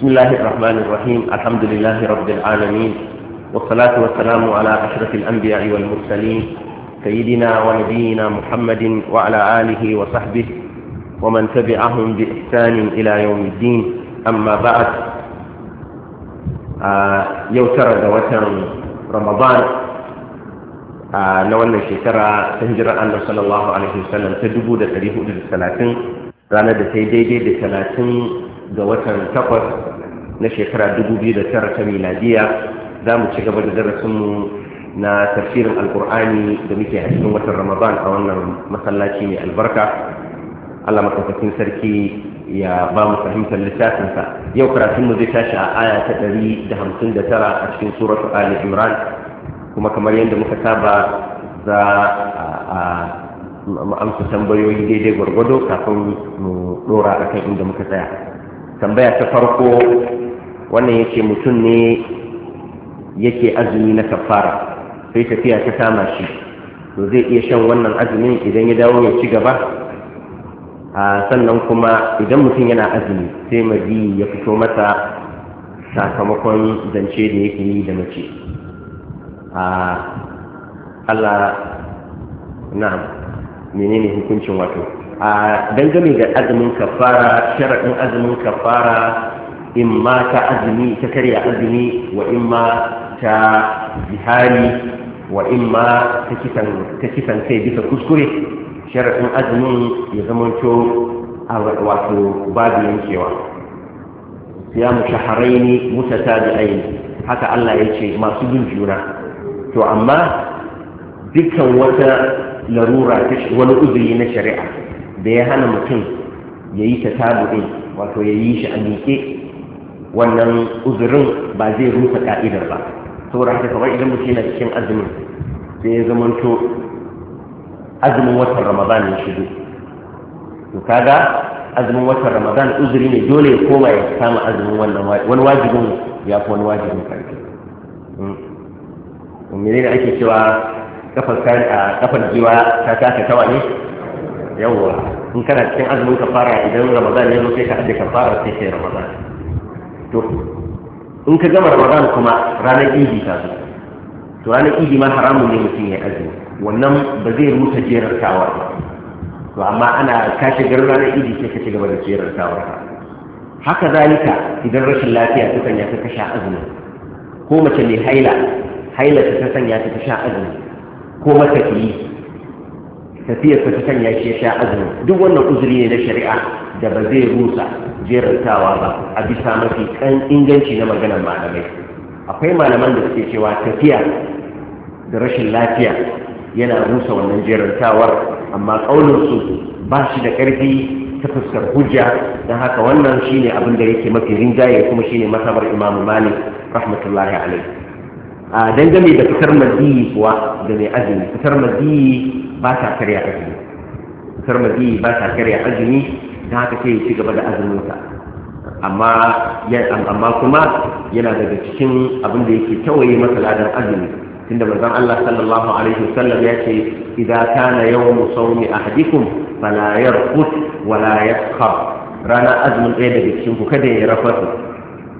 بسم الله الرحمن الرحيم الحمد لله رب العالمين والصلاة والسلام على أشرف الأنبياء والمرسلين سيدنا ونبينا محمد وعلى آله وصحبه ومن تبعهم بإحسان إلى يوم الدين أما بعد آه يوتر دوتر رمضان آه نوانا شكرا تهجر أن صلى الله عليه وسلم تدبو دا تريه دا ثلاثين رانا دا سيدي دا ثلاثين ga watan takwas na shekara tara ta miladiya za mu ci gaba da darasinmu na tafsirin alkur'ani da muke a cikin watan ramadan a wannan masallaci mai albarka allah matsaukakin sarki ya ba mu fahimtar littafinsa yau karatunmu zai tashi a aya ta da da hamsin tara a cikin suratu ali imran kuma kamar yadda muka saba za a amsa tambayoyi daidai gwargwado kafin mu dora akan inda muka tsaya tambaya ta farko wannan yake mutum ne yake azumi na kafara sai tafiya ta kama shi to zai iya shan wannan azumin idan ya dawo ya ci gaba a sannan kuma idan mutum yana azumi sai mazi ya fito mata sakamakon zance da yake yi da mace a Allah na menene hukuncin wato a dangane da azumin kafara sharaɗin azumin kafara in ma ta azumi ta karya azumi wa in ma ta jihari wa in ma ta kisan kai bisa kuskure sharaɗin azumin ya zamanto wato babu yankewa ya mu ta mutatabi'ain haka Allah ya ce masu bin juna to amma dukkan wata larura wani uzuri na shari'a da ya hana mutum ya yi ta tabu'in wato ya yi shi a miƙe wannan uzurin ba zai rusa ƙa'idar ba saboda haka kamar idan mutum yana cikin azumin sai ya zamanto azumin watan ramadan ya shigo to kaga azumin watan ramadan uzuri ne dole ya koma ya kama azumin wannan wani wajibin ya fi wani wajibin karfi hmm. menene ake cewa kafar jiwa ta taka tawa ne yawwa in kana cikin azumin kafara idan ramadan ya zo sai ka ajiye kafara sai kai ramadan to in ka gama ramadan kuma ranar idi ta zo to ranar idi ma haramun ne mutum ya azumi wannan ba zai rusa jerar tawar to amma ana kashe garin ranar idi sai ka ci gaba da jerar tawar ka haka zalika idan rashin lafiya ta sanya ta sha azumi ko mace mai haila haila ta sanya ta sha azumi ko mace ta yi. tafiyar ta sanya shi ya sha azumi duk wannan uzuri ne na shari'a da ba zai rusa jerantawa ba a bisa mafi kan inganci na maganar malamai akwai malaman da suke cewa tafiya da rashin lafiya yana rusa wannan jerantawar amma su ba shi da ƙarfi ta fuskar hujja don haka wannan shine abin da yake mafi rinjaye kuma shine masabar imam malik rahmatullahi alaihi a dangane da fitar madiyi kuwa da mai azumi fitar madiyi ba sa karya azumi fitar ba sa karya azumi don haka sai ci gaba da azuminsa amma kuma yana daga cikin abin da yake tawaye masa ladan azumi tunda manzon Allah sallallahu alaihi wasallam ya ce idza kana yawmu sawmi ahadikum fala yarqut wala yaskhab rana azumin ɗaya daga cikin ku kada ya rafasa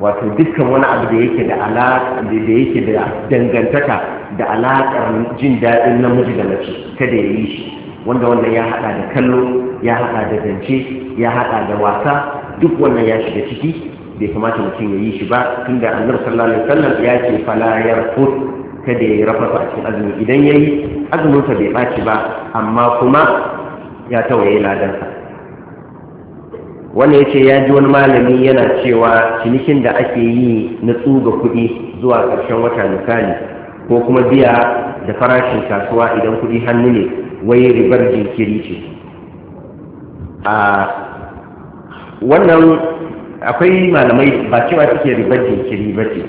wato dukkan wani abu da yake da alaƙa da yake da dangantaka da alaƙar jin daɗin namiji da mace kada ya yi shi wanda wannan ya haɗa da kallo ya haɗa da zance ya haɗa da wasa duk wannan ya shiga ciki bai kamata mutum ya yi shi ba tunda annar sallallahu alaihi wasallam ya ce fala ta kada ya rafasa a cikin azumi idan ya yi azuminsa bai ɓaci ba amma kuma ya tawaye ladansa wani ya ce ya ji wani malami yana cewa cinikin da ake yi na tsuga kuɗi zuwa ƙarshen wata misali ko kuma biya da farashin kasuwa idan kuɗi hannu ne wai ribar jinkiri ce a wannan akwai malamai ba cewa suke ribar jinkiri ba ce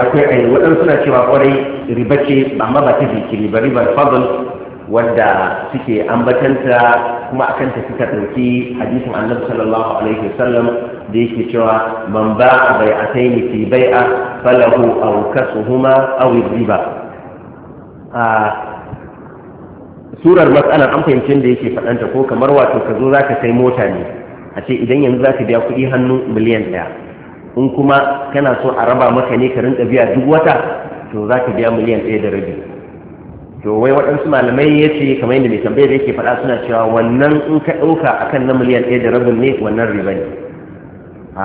akwai waɗansu suna cewa kwarai ribar ce amma ba ta jinkiri ba ribar fadl Wadda suke ambatanta kuma akan ta suka ɗauki hadisin annabi sallallahu alaihi wasallam da yake cewa man ba'a bai'ataini fi bai'a falahu aw kasuhuma aw riba a surar matsalar an fahimci da yake faɗanta ko kamar wato ka zo zaka sai mota ne a ce idan yanzu zaka biya kuɗi hannu miliyan ɗaya in kuma kana so a raba maka ne ka rinka biya duk wata to zaka biya miliyan ɗaya da rabi to waɗansu malamai ya ce kamar yadda mai tambayar da yake faɗa suna cewa wannan in ka ɗauka a kan na miliyan ɗaya da rabin ne wannan riba ne a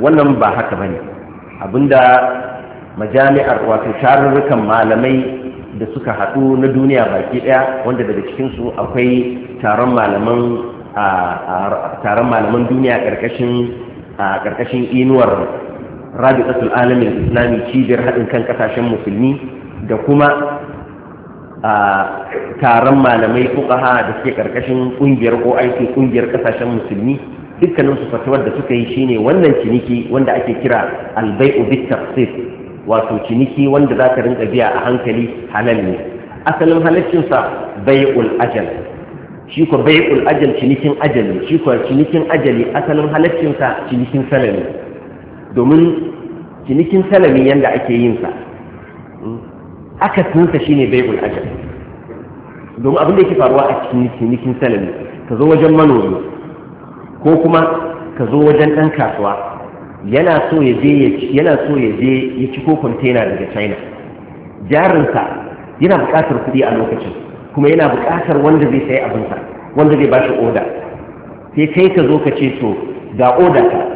wannan ba haka ba ne abinda majami'ar wato tarurrukan malamai da suka haɗu na duniya baki ɗaya wanda daga cikinsu akwai taron malaman taron malaman duniya ƙarƙashin inuwar ƙasar alamin islami cibiyar haɗin kan ƙasashen musulmi da kuma a taron malamai kaha da suke karkashin kungiyar ko aiki kungiyar kasashen musulmi dukkanin su fatuwar da suka yi shine wannan ciniki wanda ake kira albai'u bit tafsir wato ciniki wanda za ka rinka biya a hankali halal ne asalin halaccin sa bai'ul ajal shi ko bai'ul ajal cinikin ajali shi ko cinikin ajali asalin halaccin sa cinikin salami domin cinikin salami yanda ake yin sa aka tunsa shine baibul ajal domin abin da yake faruwa a cikin cinikin salami ka zo wajen manomi ko kuma ka zo wajen ɗan kasuwa yana so ya je yana so ya je ya ciko kwantena daga china jarinsa yana buƙatar kuɗi a lokacin kuma yana buƙatar wanda zai sayi sa, wanda zai ba shi oda sai kai ka zo ka ce to ga oda ka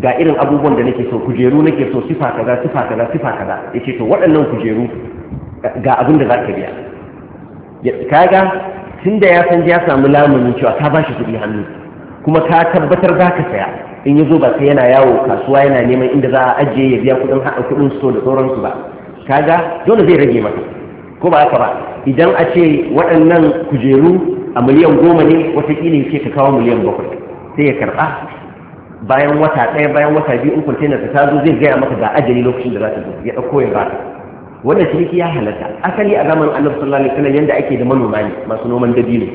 ga irin abubuwan da nake so kujeru nake so sifa kaza sifa kaza sifa kaza yace to waɗannan kujeru ga abin da zaka biya kaga da ya san ya samu lamunin cewa ka bashi kuɗi hannu kuma ka tabbatar za ka saya in yazo ba sai yana yawo kasuwa yana neman inda za a ajiye ya biya kuɗin haɗa kuɗin so da sauransu ba kaga dole zai rage maka ko ba haka ba idan a ce waɗannan kujeru a miliyan goma ne watakila ya ce ka kawo miliyan bakwai sai ya karɓa bayan wata ɗaya bayan wata biyu in kwantena ta tazo zo zai gaya maka da ajali lokacin da za ta zo ya ɗauko ya ba wannan ciniki ya halatta asali a zamanin annabi sallallahu alaihi wasallam yanda ake da manoma ne masu noman dabino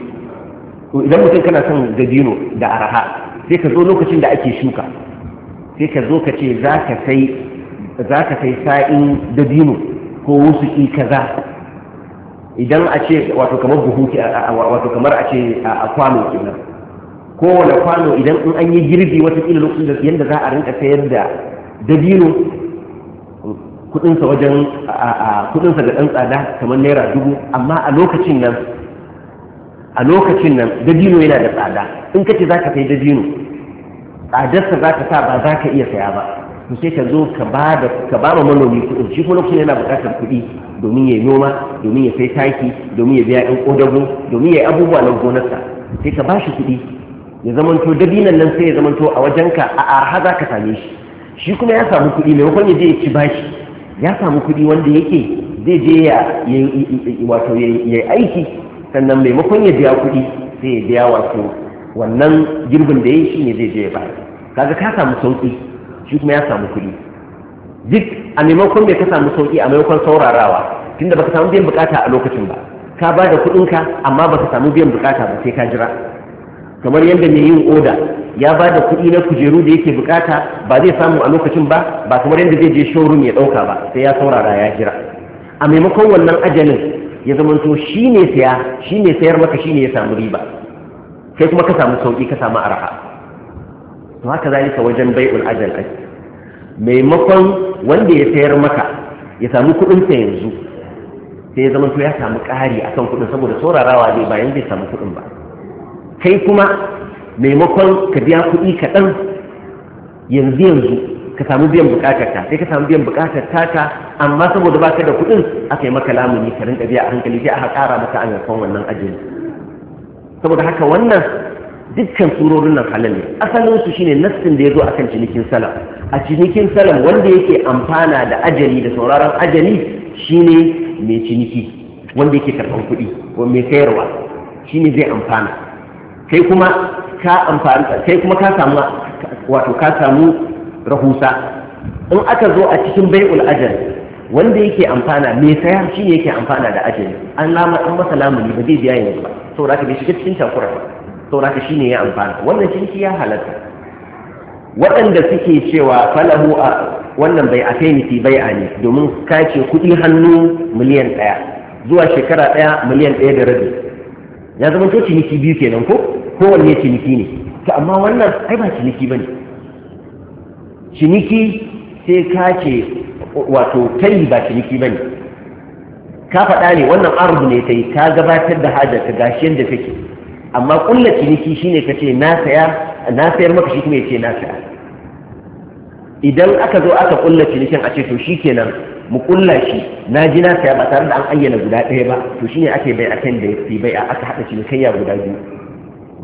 to idan mutum kana son dabino da araha sai ka zo lokacin da ake shuka sai ka zo ka ce za ka sai za ka sai sa'in dabino ko wusuki kaza idan a ce wato kamar buhu wato kamar a ce a kwano kenan kowane kwano idan in an yi girbi wata kila lokacin da yadda za a rinka sayar da dabino kudinsa wajen kudinsa da dan tsada kamar naira dubu amma a lokacin nan a lokacin nan dabino yana da tsada in ka ce za ka sai dabino tsadarsa za ka sa ba za ka iya saya ba to sai ka zo ka ba da manomi kuɗin shi kuma lokacin yana bukatar kuɗi domin ya noma domin ya sai taki domin ya biya ɗan ƙodago domin ya yi abubuwa na gonarsa sai ka ba shi kuɗi ya zamanto dabinan nan sai ya zamanto a wajenka a arha za ka same shi shi kuma ya samu kuɗi maimakon ya je ya ci bashi ya samu kuɗi wanda yake zai je ya wato ya aiki sannan maimakon ya biya kuɗi sai ya biya wato wannan girbin da ya shi ne zai je ya bayar kaga ka samu sauƙi shi kuma ya samu kuɗi duk a maimakon mai ka samu sauƙi a maimakon saurarawa tunda baka samu biyan bukata a lokacin ba ka ba da kuɗinka amma baka samu biyan bukata ba sai ka jira kamar yadda mai yin oda ya ba da kuɗi na kujeru da yake bukata ba zai samu a lokacin ba ba kamar yadda zai je showroom ya ɗauka ba sai ya saurara ya jira a maimakon wannan ajalin ya zamanto shi ne saya shi ne sayar maka shi ne ya samu riba sai kuma ka samu sauƙi ka samu araha to haka zalika wajen bai'ul ajal ai maimakon wanda ya sayar maka ya samu kuɗin sa yanzu sai ya zamanto ya samu ƙari akan kuɗin saboda saurarawa ne bayan zai samu kuɗin ba kai kuma maimakon ka biya kuɗi kaɗan yanzu yanzu ka samu biyan bukatar ta sai ka samu biyan bukatar ta ta amma saboda baka da kuɗin aka yi maka lamuni ka rinka biya a hankali sai aka ƙara maka an yarfan wannan ajin saboda haka wannan dukkan surorin nan halal ne asalin su shine nassin da ya zo akan cinikin salam a cinikin salam wanda yake amfana da ajali da sauraron ajali shine mai ciniki wanda yake karɓan kuɗi ko mai sayarwa shine zai amfana kai kuma ka amfani kai kuma ka samu wato ka samu rahusa in aka zo a cikin bai'ul ajal wanda yake amfana me saya shi yake amfana da ajali an lama an masa lamuni ba zai biya yanzu ba saboda ka bai shiga cikin takura ba saboda ka shine ya amfana wannan shi ya halatta waɗanda suke cewa falahu a wannan bai afeniti bai a ne domin ce kuɗi hannu miliyan ɗaya zuwa shekara ɗaya miliyan ɗaya da rabi ya zama to ciniki biyu kenan ko kowanne ciniki ne to amma wannan ai ba ciniki bane ciniki sai ka ce wato kai ba ciniki bane ka faɗa ne wannan arzu ne tayi ka gabatar da hajar ka gashi yadda take amma kulla ciniki shine ka ce na saya na sayar maka shi kuma ya ce na saya idan aka zo aka kulla cinikin a ce to kenan. mu kulla shi na ji na saya ba tare da an ayyana guda ɗaya ba to shine ake bai a kan da fi bai a aka haɗa cinikayya guda biyu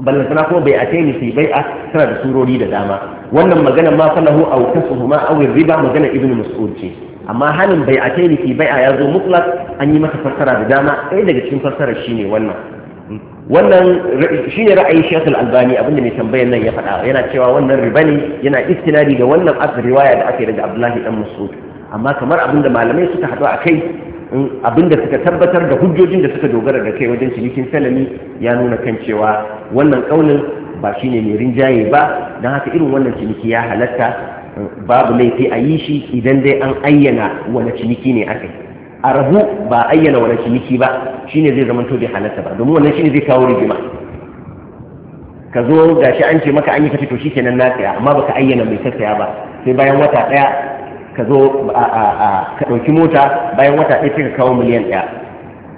ballantana kuma bai a kai ni fi bai a tana da surori da dama wannan magana ma falahu aw kasuhuma aw riba magana ibnu mas'ud ce amma hanin bai a kai ni fi bai a yazo zo an yi masa fassara da dama ɗaya daga cikin fassarar shine wannan wannan shine ra'ayin Sheikh Al-Albani abinda mai tambayar nan ya faɗa yana cewa wannan riba ne yana istinadi ga wannan riwaya da ake daga Abdullahi dan Mas'ud amma kamar abinda malamai suka haɗu a kai abinda suka tabbatar da hujjojin da suka dogara da kai wajen cinikin salami ya nuna kan cewa wannan kaunin ba shine mai rinjaye ba don haka irin wannan ciniki ya halatta babu laifi a yi shi idan dai an ayyana wani ciniki ne aka yi a rabu ba ayyana wani ciniki ba shine zai zama tobe bai halatta ba domin wannan shine zai kawo rigima ka zo gashi an ce maka an yi kace to shi kenan na tsaya amma baka ayyana mai sassaya ba sai bayan wata ɗaya. ka zo ka ɗauki mota bayan wata ɗaya sai ka kawo miliyan ɗaya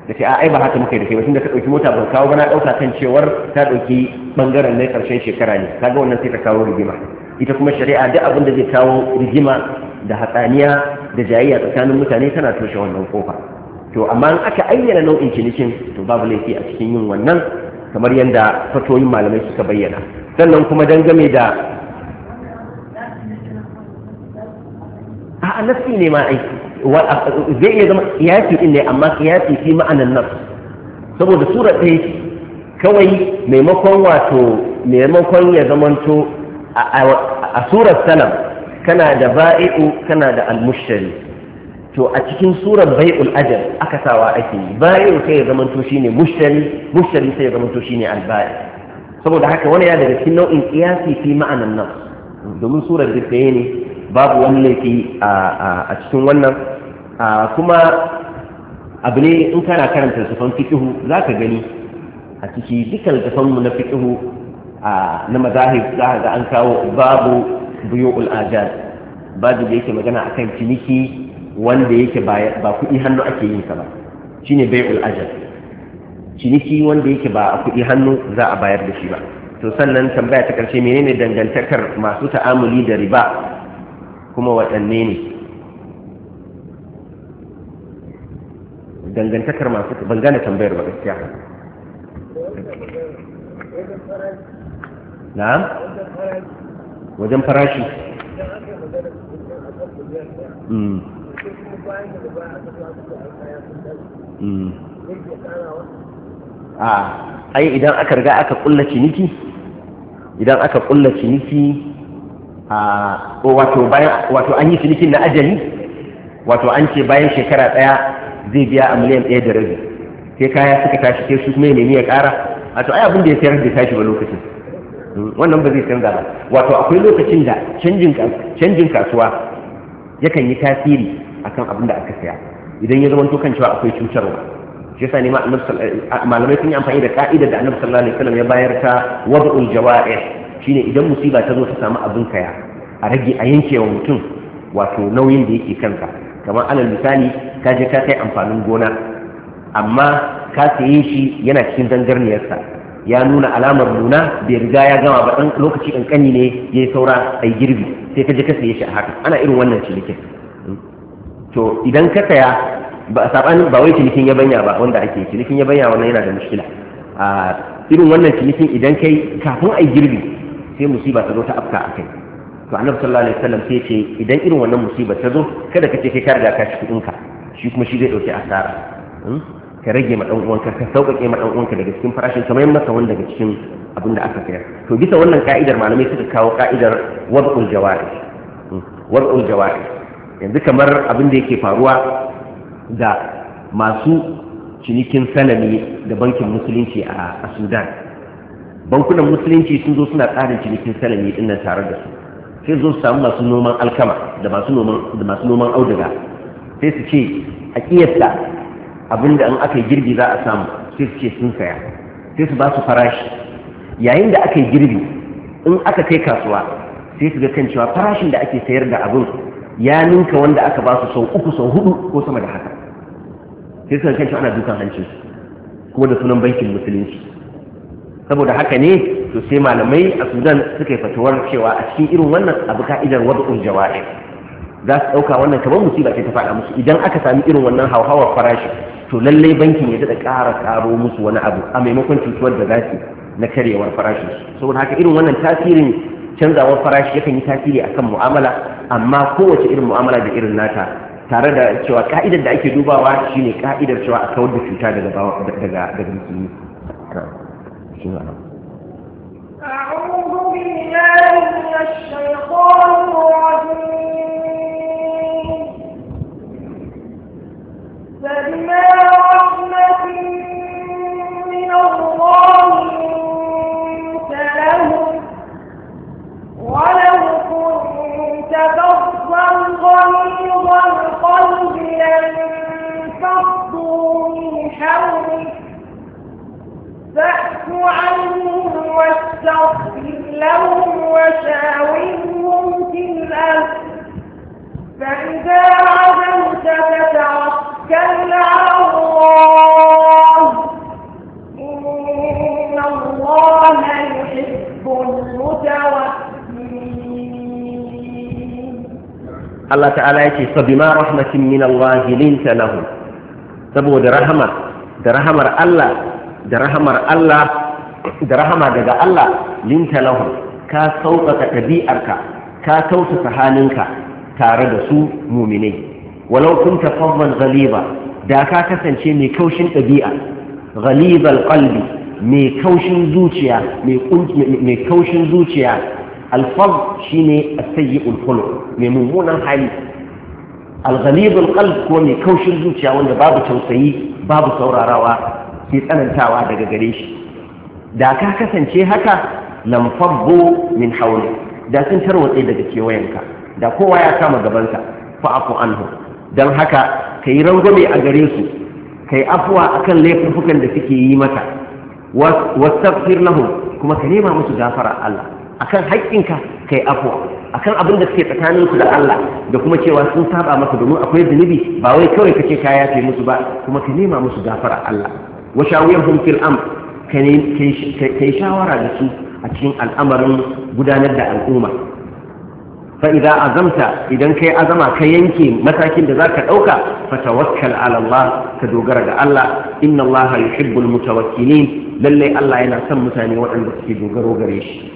da ce ai ba haka muka yi da kai ba da ka ɗauki mota ba kawo ba na ɗauka kan cewar ta ɗauki ɓangaren na ƙarshen shekara ne Ka ga wannan sai ka kawo rigima ita kuma shari'a duk abin da zai kawo rigima da hatsaniya da jayayya tsakanin mutane tana toshe wannan kofa to amma in aka ayyana nau'in cinikin to babu laifi a cikin yin wannan kamar yadda fatoyin malamai suka bayyana sannan kuma dangane da a nafsi ne ma aiki, zai iya zama kiyasi din ne amma kiyasi fi ma'anan nafs saboda sura ɗaya kawai maimakon wato maimakon ya zamanto a surar salam kana da ba'i'u kana da almushari to a cikin surar bai'ul ajal aka sawa ake yi ba'i'u sai ya zamanto ne mushari, mushari sai ya zamanto shine alba'i saboda haka wani ya daga cikin nau'in kiyasi fi ma'anan nafs domin surar duk ne babu wani laifi a cikin wannan kuma abu ne in kana karanta littafan fikihu za ka gani a ciki duka littafanmu na fikihu na mazahib za ga an kawo babu biyu ul'ajar babu da yake magana a kan ciniki wanda yake ba kuɗi hannu ake yin sa ba shine bai ul'ajar ciniki wanda yake ba a kuɗi hannu za a bayar da shi ba to sannan tambaya ta ƙarshe menene dangantakar masu ta'amuli da riba kuma waɗanne ne dangantakar masu ban gane tambayar ba gaskiya na wajen farashi hmm. hmm. a ah, ai idan aka riga aka kulla ciniki idan aka kulla ciniki wato an yi silikin na ajali wato an ce bayan shekara ɗaya zai biya a miliyan ɗaya da rabi sai kaya suka tashi sai su kuma ya nemi ya ƙara wato ai abin da ya sayar da tashi ba lokacin wannan ba zai canza ba wato akwai lokacin da canjin kasuwa yakan yi tasiri akan abin da aka saya idan ya zama tokan cewa akwai cutarwa shi yasa ne malamai sun yi amfani da ka'idar da annabi sallallahu alaihi wasallam ya bayar ta wad'ul jawa'ih shine idan musiba ta zo ta samu abin kaya a rage a yankewa mutum wato nauyin da yake kanka kamar alal misali ka je ka kai amfanin gona amma ka saye shi yana cikin zangarniyarsa ya nuna alamar nuna bai riga ya gama ba dan lokaci kankani ne ya yi saura a girbi sai ka je ka saye shi a haka ana irin wannan cinikin to idan ka saya ba sabanin ba wai cinikin yabanya ba wanda ake cinikin yabanya wannan yana da mushkila a ah, irin wannan cinikin idan kai kafin a girbi sai musiba ta zo ta afka a kai to annabi sallallahu alaihi wasallam sai ce idan irin wannan musiba ta zo kada ka ce kai ka riga ka ci kuɗinka shi kuma shi zai dauke asara hmm? ka rage ma dan uwanka ka sauƙaƙe ma ɗan uwanka daga cikin farashin kamar masa wanda daga cikin abin da aka sayar to bisa wannan ka'idar malamai suka kawo ka'idar wad'ul jawari hmm? wad'ul jawari yanzu kamar abin da yake faruwa da masu cinikin sanani da bankin musulunci a Sudan bankunan musulunci sun zo suna tsarin cinikin salami din nan tare da su sai zo su samu masu noman alkama da masu noman da masu noman auduga sai su ce a kiyasta abinda in aka yi girbi za a samu sai su ce sun saya sai su ba su farashi yayin da aka yi girbi in aka kai kasuwa sai su ga kan cewa farashin da ake sayar da abin ya ninka wanda aka ba su sau uku sau hudu ko sama da haka sai su ga kan cewa ana dukan hancin kuma da sunan bankin musulunci saboda haka ne to sai malamai a sudan suka yi fatuwar cewa a cikin irin wannan abu ka'idar wada'ul jawahi za su ɗauka wannan kamar musiba ce ta faɗa musu idan aka sami irin wannan hauhawar farashi to lallai bankin ya daɗa ƙara ƙaro musu wani abu a maimakon cutuwar da za su na karyewar farashi saboda haka irin wannan tasirin canzawar farashi yakan yi tasiri akan mu'amala amma kowace irin mu'amala da irin nata tare da cewa ka'idar da ake dubawa shine ka'idar cewa a kawar da cuta daga daga musulmi جماعة أعوذ بالله من الشيطان الرجيم فبما رحمة من الله لهم ولو لهم وشاورهم في الأرض فإذا عزمت فتوكل على الله إن الله يحب المتوكلين الله تعالى يأتي فبما رحمة من الله لنت لهم saboda rahamar da rahamar Allah da rahamar Allah da rahama daga Allah linta lahum ka sauƙaƙa ɗabi'arka ka tausasa halinka tare da su muminai walau kunta fadlan ghaliba da ka kasance mai kaushin ɗabi'a ghalibal qalbi mai kaushin zuciya mai kaushin zuciya alfaz shine as-sayyi'ul khuluq mai mummunan hali al-ghalibul qalb ko mai kaushin zuciya wanda babu tausayi babu saurarawa sai tsanantawa daga gare shi da ka kasance haka lamfabbu min hawli da sun tarwatse daga kewayenka da kowa ya kama gabansa afu anhu don haka ka yi rangwame a gare su Kai afuwa akan laifukan da suke yi mata wastaghfir lahum kuma ka nema musu gafara Allah akan haƙƙinka kai afuwa akan abin da suke tsakanin su da Allah da kuma cewa sun saba maka domin akwai zunubi ba wai kawai kace ka yafe musu ba kuma ka nema musu gafara Allah wa shawiyahum fil amr kai shawara da su a cikin al'amarin gudanar da al'umma fa'iza azamta idan kai azama ka yanke matakin da za ka fa tawakkal ala Allah ka dogara ga Allah inna Allah yuhibbul mutawakkilin lallai Allah yana son mutane waɗanda suke dogaro gare shi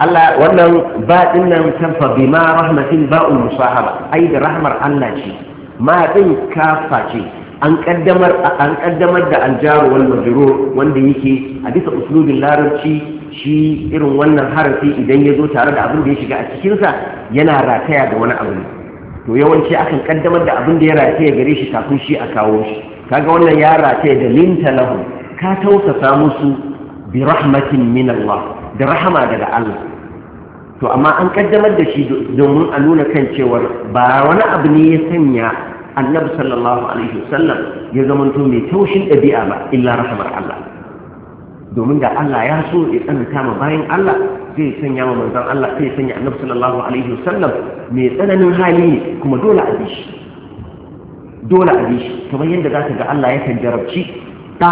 Allah wannan ba din nan bima rahmatin ba'ul musahaba ai da rahmar Allah ce ma din kafa ce an kaddamar an kaddamar da aljaru wal majrur wanda yake a bisa uslubin larabci shi irin wannan harafi idan ya zo tare da abin da ya shiga a cikinsa yana rataya da wani abu to yawanci akan kaddamar da abin da ya rataya gare shi kafin shi a kawo shi kaga wannan ya rataya da linta lahu ka tausasa musu bi rahmatin min Allah da rahama daga Allah to amma an kaddamar da shi domin a nuna kan cewar ba wani abu ne ya sanya annabi sallallahu alaihi wasallam ya zamanto mai taushin ɗabi'a ba illa rahmar Allah domin da Allah ya so ya tsananta ma bayan Allah zai sanya ma manzan Allah zai sanya annabi sallallahu alaihi wasallam mai tsananin hali ne kuma dole a bishi dole a bishi kamar yadda za ka ga Allah yakan jarabci ta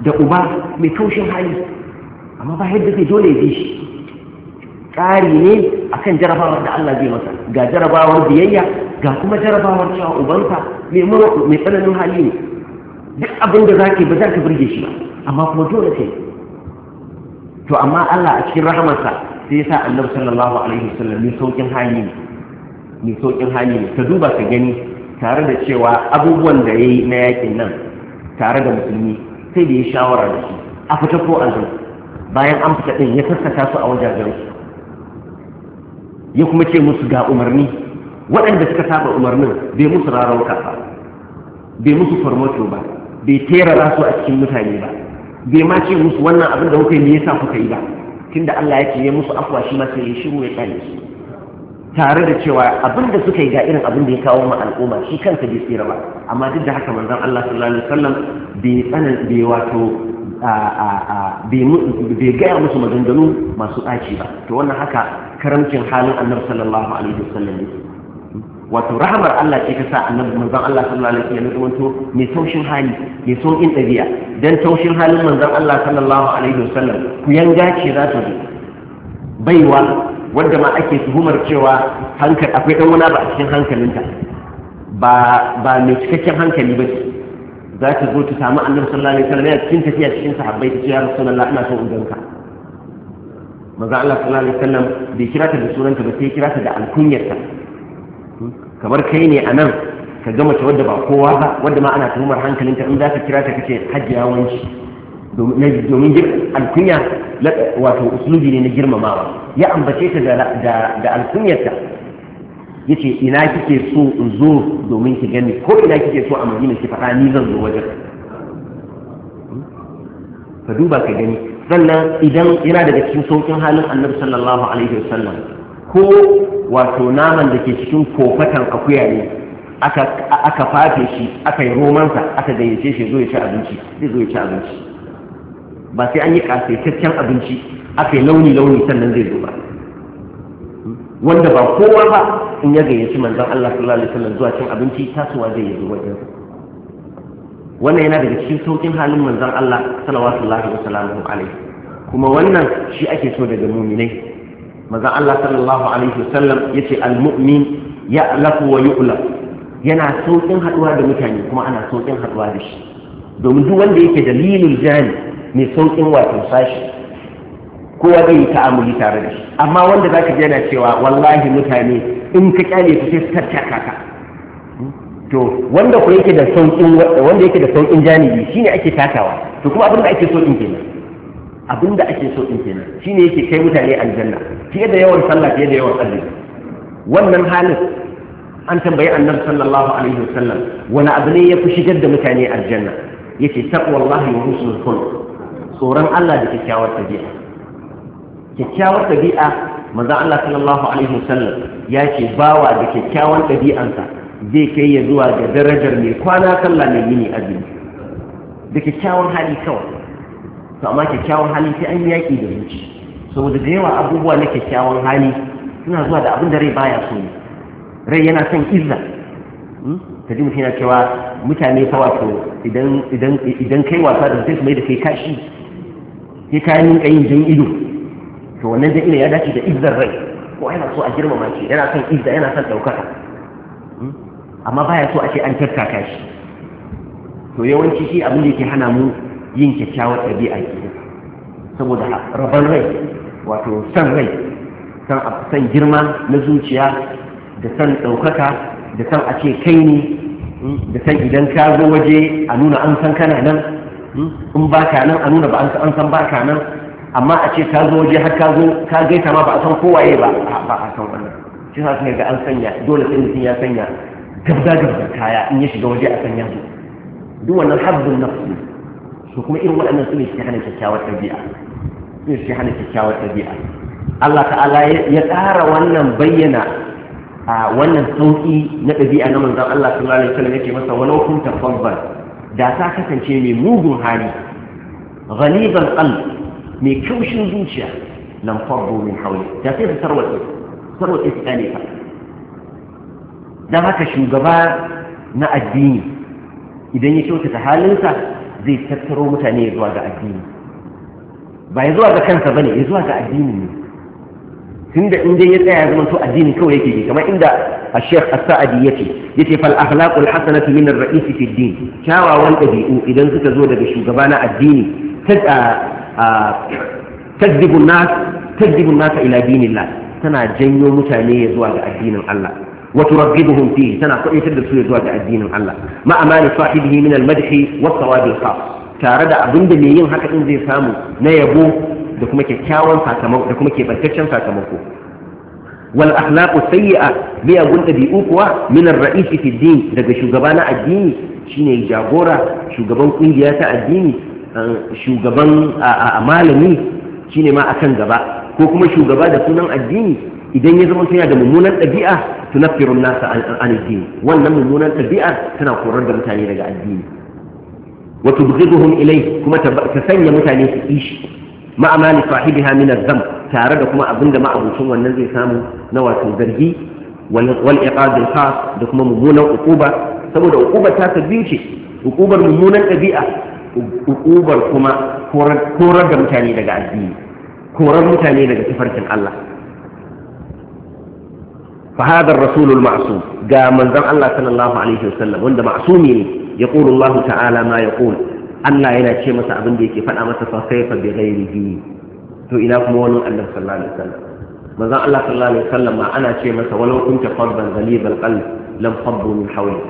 da uba mai kaushin hali amma ba yadda zai dole ya bishi ƙari ne a kan jarabawar da Allah zai masa ga jarabawar biyayya ga kuma jarabawar cewa ubanka mai tsananin hali ne duk abin da yi ba za ka burge shi ba amma kuma dole ka yi. to amma Allah a cikin rahamarsa sai ya sa annabi sallallahu alaihi wasallam mai saukin hali ne mai saukin hali ne ka duba ka gani tare da cewa abubuwan da yayi na yakin nan tare da musulmi sai da ya shawara da shi a fita ko a zo bayan an fita din ya sassaka su a wajajen su ya kuma ce musu ga umarni waɗanda suka saba umarnin bai musu rarauka ba bai musu farmato ba bai tera rasu a cikin mutane ba bai ma ce musu wannan abin da kuka yi ya yasa kuka yi ba tunda Allah ya yake ya musu afwa shi ma sai ya shiru ya kare su tare da cewa abin da suka yi ga irin abin da ya kawo ma al'umma shi kansa bai tsira ba amma duk da haka manzon Allah sallallahu alaihi wasallam bai tsanan bai wato bai gaya musu maganganu masu ɗaci ba to wannan haka karamcin halin annabi sallallahu alaihi wasallam ne wato rahamar Allah ce ka sa annabi manzon Allah sallallahu alaihi wasallam ya zama mai taushin hali mai saukin dabi'a dan taushin halin manzon Allah sallallahu alaihi wasallam ku yanga ce za ta zo baiwa wanda ma ake tuhumar cewa hankal akwai dan wani ba a cikin hankalinta ba ba mai cikakken hankali ba za ta zo ta samu annabi sallallahu alaihi wasallam ya cikin tafiya cikin sahabbai ta ce ya rasulullah ina so in ganka manzon Allah sallallahu alaihi wasallam bai kira ta da sunanta ba sai kira ta da alkunyarta kamar kai ne a nan ka ga mace wadda ba kowa ba wadda ma ana tuhumar hankalinta in za ka kira ta kace hajjiya wanci domin alkunya wato usulubi ne na girmamawa ya ambace ta da alkunyarta ya ce ina kike so in zo domin ki gani ko ina kike so a madina ki faɗa ni zan zo wajen ka duba ka gani sannan idan yana daga cikin saukin halin annabi sallallahu alaihi wasallam ko wato naman da ke cikin kofatan akuya ne aka fafe shi aka yi romansa aka gayyace shi zo ya ci abinci zai zo ya ci abinci ba sai an yi kasaitaccen abinci aka yi launi-launi sannan zai zo ba wanda ba kowa ba in ya gayyaci manzan Allah sallallahu alaihi wasallam zuwa cin abinci tasowa zai yi zuwa wajen wannan yana daga cikin saukin halin manzan Allah sallallahu alaihi wasallam kuma wannan shi ake so daga muminai manzon Allah sallallahu alaihi wasallam yace al-mu'min laku wa yu'laf yana saukin haduwa da mutane kuma ana saukin haduwa da shi domin duk wanda yake dalilin jani mai saukin wato sashi kowa zai yi ta'amuli tare da shi amma wanda zaka ji yana cewa wallahi mutane in ka kyale ku sai su tattaka ka to wanda ku yake da saukin wanda yake da saukin janibi shine ake takawa to kuma abin da ake so in kenan abin da ake so in kenan shine yake kai mutane aljanna fiye da yawan sallah fiye da yawan azumi wannan halin an tambayi annabi sallallahu alaihi wasallam wani abu ne ya fi shigar da mutane aljanna yace taqwallahi wa husnul khuluq tsoron Allah da kyakkyawar tabi'a kyakkyawar tabi'a manzon Allah sallallahu alaihi wasallam ya ce bawa da kyakkyawan tabi'ansa zai kai ya zuwa ga darajar mai kwana sallah mai yini azumi da kyakkyawan hali kawai to amma kyakkyawan hali sai an yi yaƙi da zuci saboda da yawa abubuwa na kyakkyawan hali suna zuwa da abin da rai baya so ne rai yana son izza ta hmm? ji mutum cewa mutane fa wato idan kai wasa da zai mai da kai kashi sai kayan ninka yin jin ido to wannan jan ido ya dace da izzar rai ko yana so a girmama shi yana son izza yana son ɗaukaka hmm? amma baya so a ce an tattaka shi to yawanci shi abin da yake hana mu yin kyakkyawar ɗabi'a ke saboda rabon rai wato san rai san girma na zuciya da san ɗaukaka da san a ce kai ne hmm, da san idan ka zo waje a nuna an san kana nan hmm, in ba ka nan a nuna ba an san ba ka nan amma a ce ka zo waje har ka zo ka gaita ma ba a san kowaye ba ba a san wannan shi sa suka ga an sanya dole sai mutum ya sanya gabda gabda kaya in ya shiga waje a sanya su duk wannan habbun nafsi su kuma irin waɗannan su ne suke hana kyakkyawar ɗabi'a su ne suke hana kyakkyawar ɗabi'a Allah ta'ala ya ƙara wannan bayyana a wannan sauƙi na ɗabi'a na manzon Allah sallallahu alaihi wasallam yake masa wani hukunta fadban da ta kasance mai mugun hali ghaliban qalb mai kaushin zuciya lam faddu min hawli da sai su tarwatsa tarwatsa su kane dan haka shugaba na addini idan ya kyautata halinsa zai tattaro mutane zuwa ga addini ba ya zuwa ga kansa bane ya zuwa ga addini ne tunda in dai ya tsaya ya zama to addini kawai yake yi kamar inda Sheikh As-Sa'di yace yace fal akhlaqul hasanatu min ar-ra'is fi din kyawawan dabi'u idan suka zo daga shugaba na addini taddibu nas taddibu nas ila tana janyo mutane zuwa ga addinin Allah wa turaghibuhum fihi tana kwadaitar da su zuwa da addinin Allah ma amana sahibihi min al-madhi wa thawabi khas da abinda mai yin haka din zai samu na yabo da kuma kyakkyawan sakamako da kuma kebantaccen sakamako wal akhlaqu a miyagun ɗabi'u kuwa minan ar-ra'isi fi daga shugaba na addini shine jagora shugaban kungiya ta addini shugaban malami shine ma akan gaba ko kuma shugaba da sunan addini idan ya zama yana da mummunan ɗabi'a tunaffirun nasa an addini wannan mummunan ɗabi'a tana korar da mutane daga addini wa tubghiduhum ilai kuma ta sanya mutane su ishi? ma amali sahibiha min tare da kuma abinda ma'abucin wannan zai samu na wato zargi wal iqad da kuma mummunan uquba saboda uquba ta biyu ce uqubar mummunan ɗabi'a uqubar kuma korar da mutane daga addini korar mutane daga tafarkin Allah فهذا الرسول المعصوم جاء من زم الله صلى الله عليه وسلم وند معصومي يقول الله تعالى ما يقول الله ينا شيء مسا أبن ديكي فأنا مسا فكيف بغيره تو إنا كمون الله صلى الله عليه وسلم من زم الله صلى الله عليه وسلم ما أنا شيء مسا ولو كنت قربا غليظ القلب لم فضوا من حولك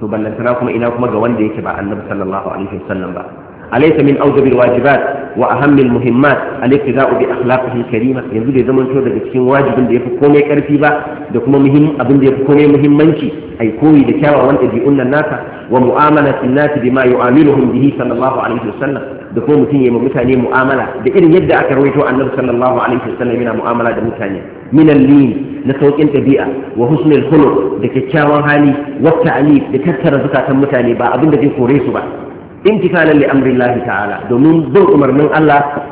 to ballantana kuma ina kuma ga wanda yake ba annabi sallallahu alaihi wasallam ba alaysa min awjabil wajibat wa ahammil muhimmat al bi akhlaqihi karima yanzu bai zama to daga cikin wajibin da yafi komai karfi ba da kuma muhim abin da yafi komai muhimmanci ai da kyawawan ɗabi'un nan nasa wa mu'amalatin nasi bima yu'amiluhum bihi sallallahu alaihi wasallam da kuma mutum ya mutane mu'amala da irin yadda aka rawaito annabi sallallahu alaihi wasallam yana mu'amala da mutane min al na saukin ɗabi'a wa husnul khuluq da kyakkyawan hali wa ta'lif da tattara zakatan mutane ba abin da zai kore su ba intifalan amri amrillahi ta'ala domin bin umarnin Allah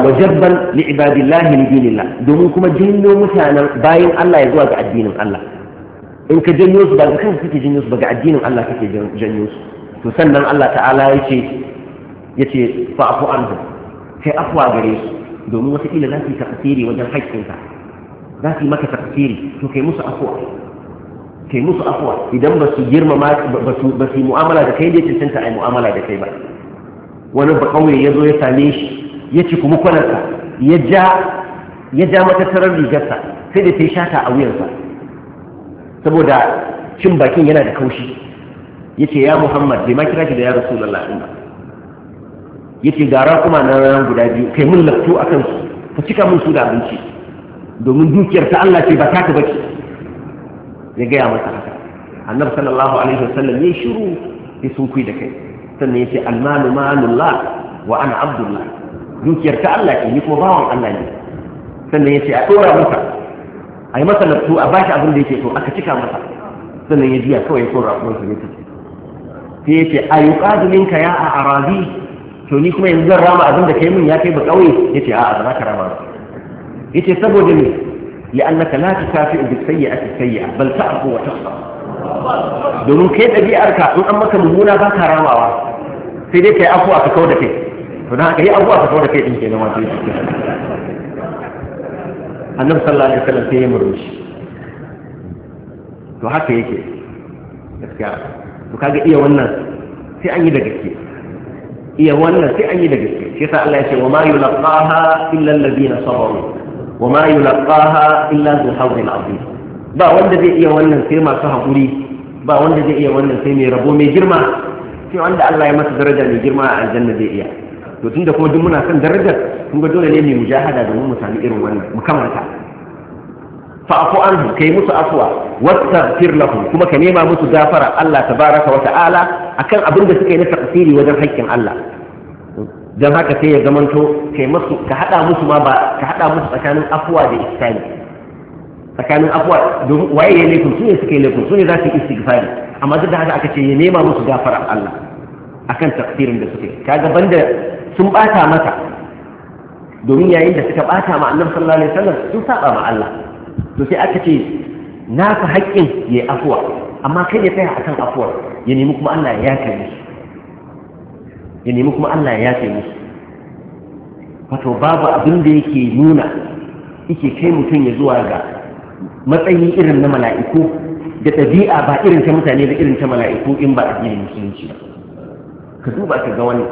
wa jabban li ibadillahi li domin kuma janyo mutanen bayan Allah ya zuwa ga addinin Allah in ka janyo su ba ga kanka kake janyo ba ga addinin Allah kake janyo su to sannan Allah ta'ala yace yace fa'fu anhu kai afwa gare su domin wata kila za su wajen za to kai musu kai musu afuwa idan ba su girmama ba su mu'amala da kai ne da ta a mu'amala da kai ba wani ba kauye ya zo ya same shi ya ci kuma kwanarsa ya ja matattarar rigarsa sai da ta yi shata a wuyansa saboda cin bakin yana da kaushi ya ce ya muhammad bai ma kira shi da ya rasu lalla'in ba ya ce gara kuma na ranar guda biyu kai mun lafto a kansu ka cika mun su da abinci domin dukiyar ta allah ce ba ta ka bace ya gaya masa haka annabi sallallahu alaihi wasallam ya shiru ya sunkuyi da kai sannan ya ce almalu malullah wa ana abdullah dukiyar ta Allah ke ni kuma bawan Allah ne sannan ya ce a tsora masa a yi masa laftu a bashi abin da yake so aka cika masa sannan ya jiya kawai ya tsora kuma su ne sai ya ce a yi ƙazuminka ya a arabi to ni kuma yanzu zan rama abin da kai min ya kai ba ƙauye yace ce a'a ba za ka rama ba ya saboda ne لأنك لا تكافئ بالسيئة السيئة بل تعفو وتخطأ domin kai ɗabi'arka in an maka mummuna ba ka ramawa sai dai ka kai abuwa ka da kai to dan haka yi abuwa ka da kai din kenan wato annabi sallallahu alaihi wasallam sai ya murmushi to haka yake gaskiya to kaga iya wannan sai an yi da gaske iya wannan sai an yi da gaske shi yasa Allah ya ce wa ma yulqaha illa alladhina sabaru wa ma yulqaha illa zu hawzin ba wanda zai iya wannan sai masu haƙuri. ba wanda zai iya wannan sai mai rabo mai girma sai wanda Allah ya masa daraja mai girma a aljanna zai iya to tunda kuma duk muna son darajar kun ga dole ne mu mujahada domin mu sami irin wannan mu kamanta fa afu anhu kai musu afwa wastaghfir lahum kuma ka nema musu gafara Allah tabaraka wa ta'ala akan abin da suka yi na tafsiri wajen haƙƙin Allah don haka sai ya zamanto kai masu ka hada musu ma ba ka hada musu tsakanin afuwa da ihsani tsakanin afuwa domin waye ya laifin su ne suka yi laifin su ne za su yi istighfari amma duk da haka aka ce ya nema musu gafara Allah akan tafsirin da suke kaga banda sun bata mata domin yayin da suka bata ma annabi sallallahu alaihi wasallam sun saba ma Allah to sai aka ce na fa haƙƙin yayi afuwa amma kai ya tsaya akan afuwar ya nemi kuma Allah ya kare ya nemi kuma Allah ya yafe musu wato babu abin da yake nuna yake kai mutum ya zuwa ga matsayi irin na mala'iku da ɗabi'a ba irin ta mutane da irin ta mala'iku in ba a addinin musulunci ba ka duba ka ga wani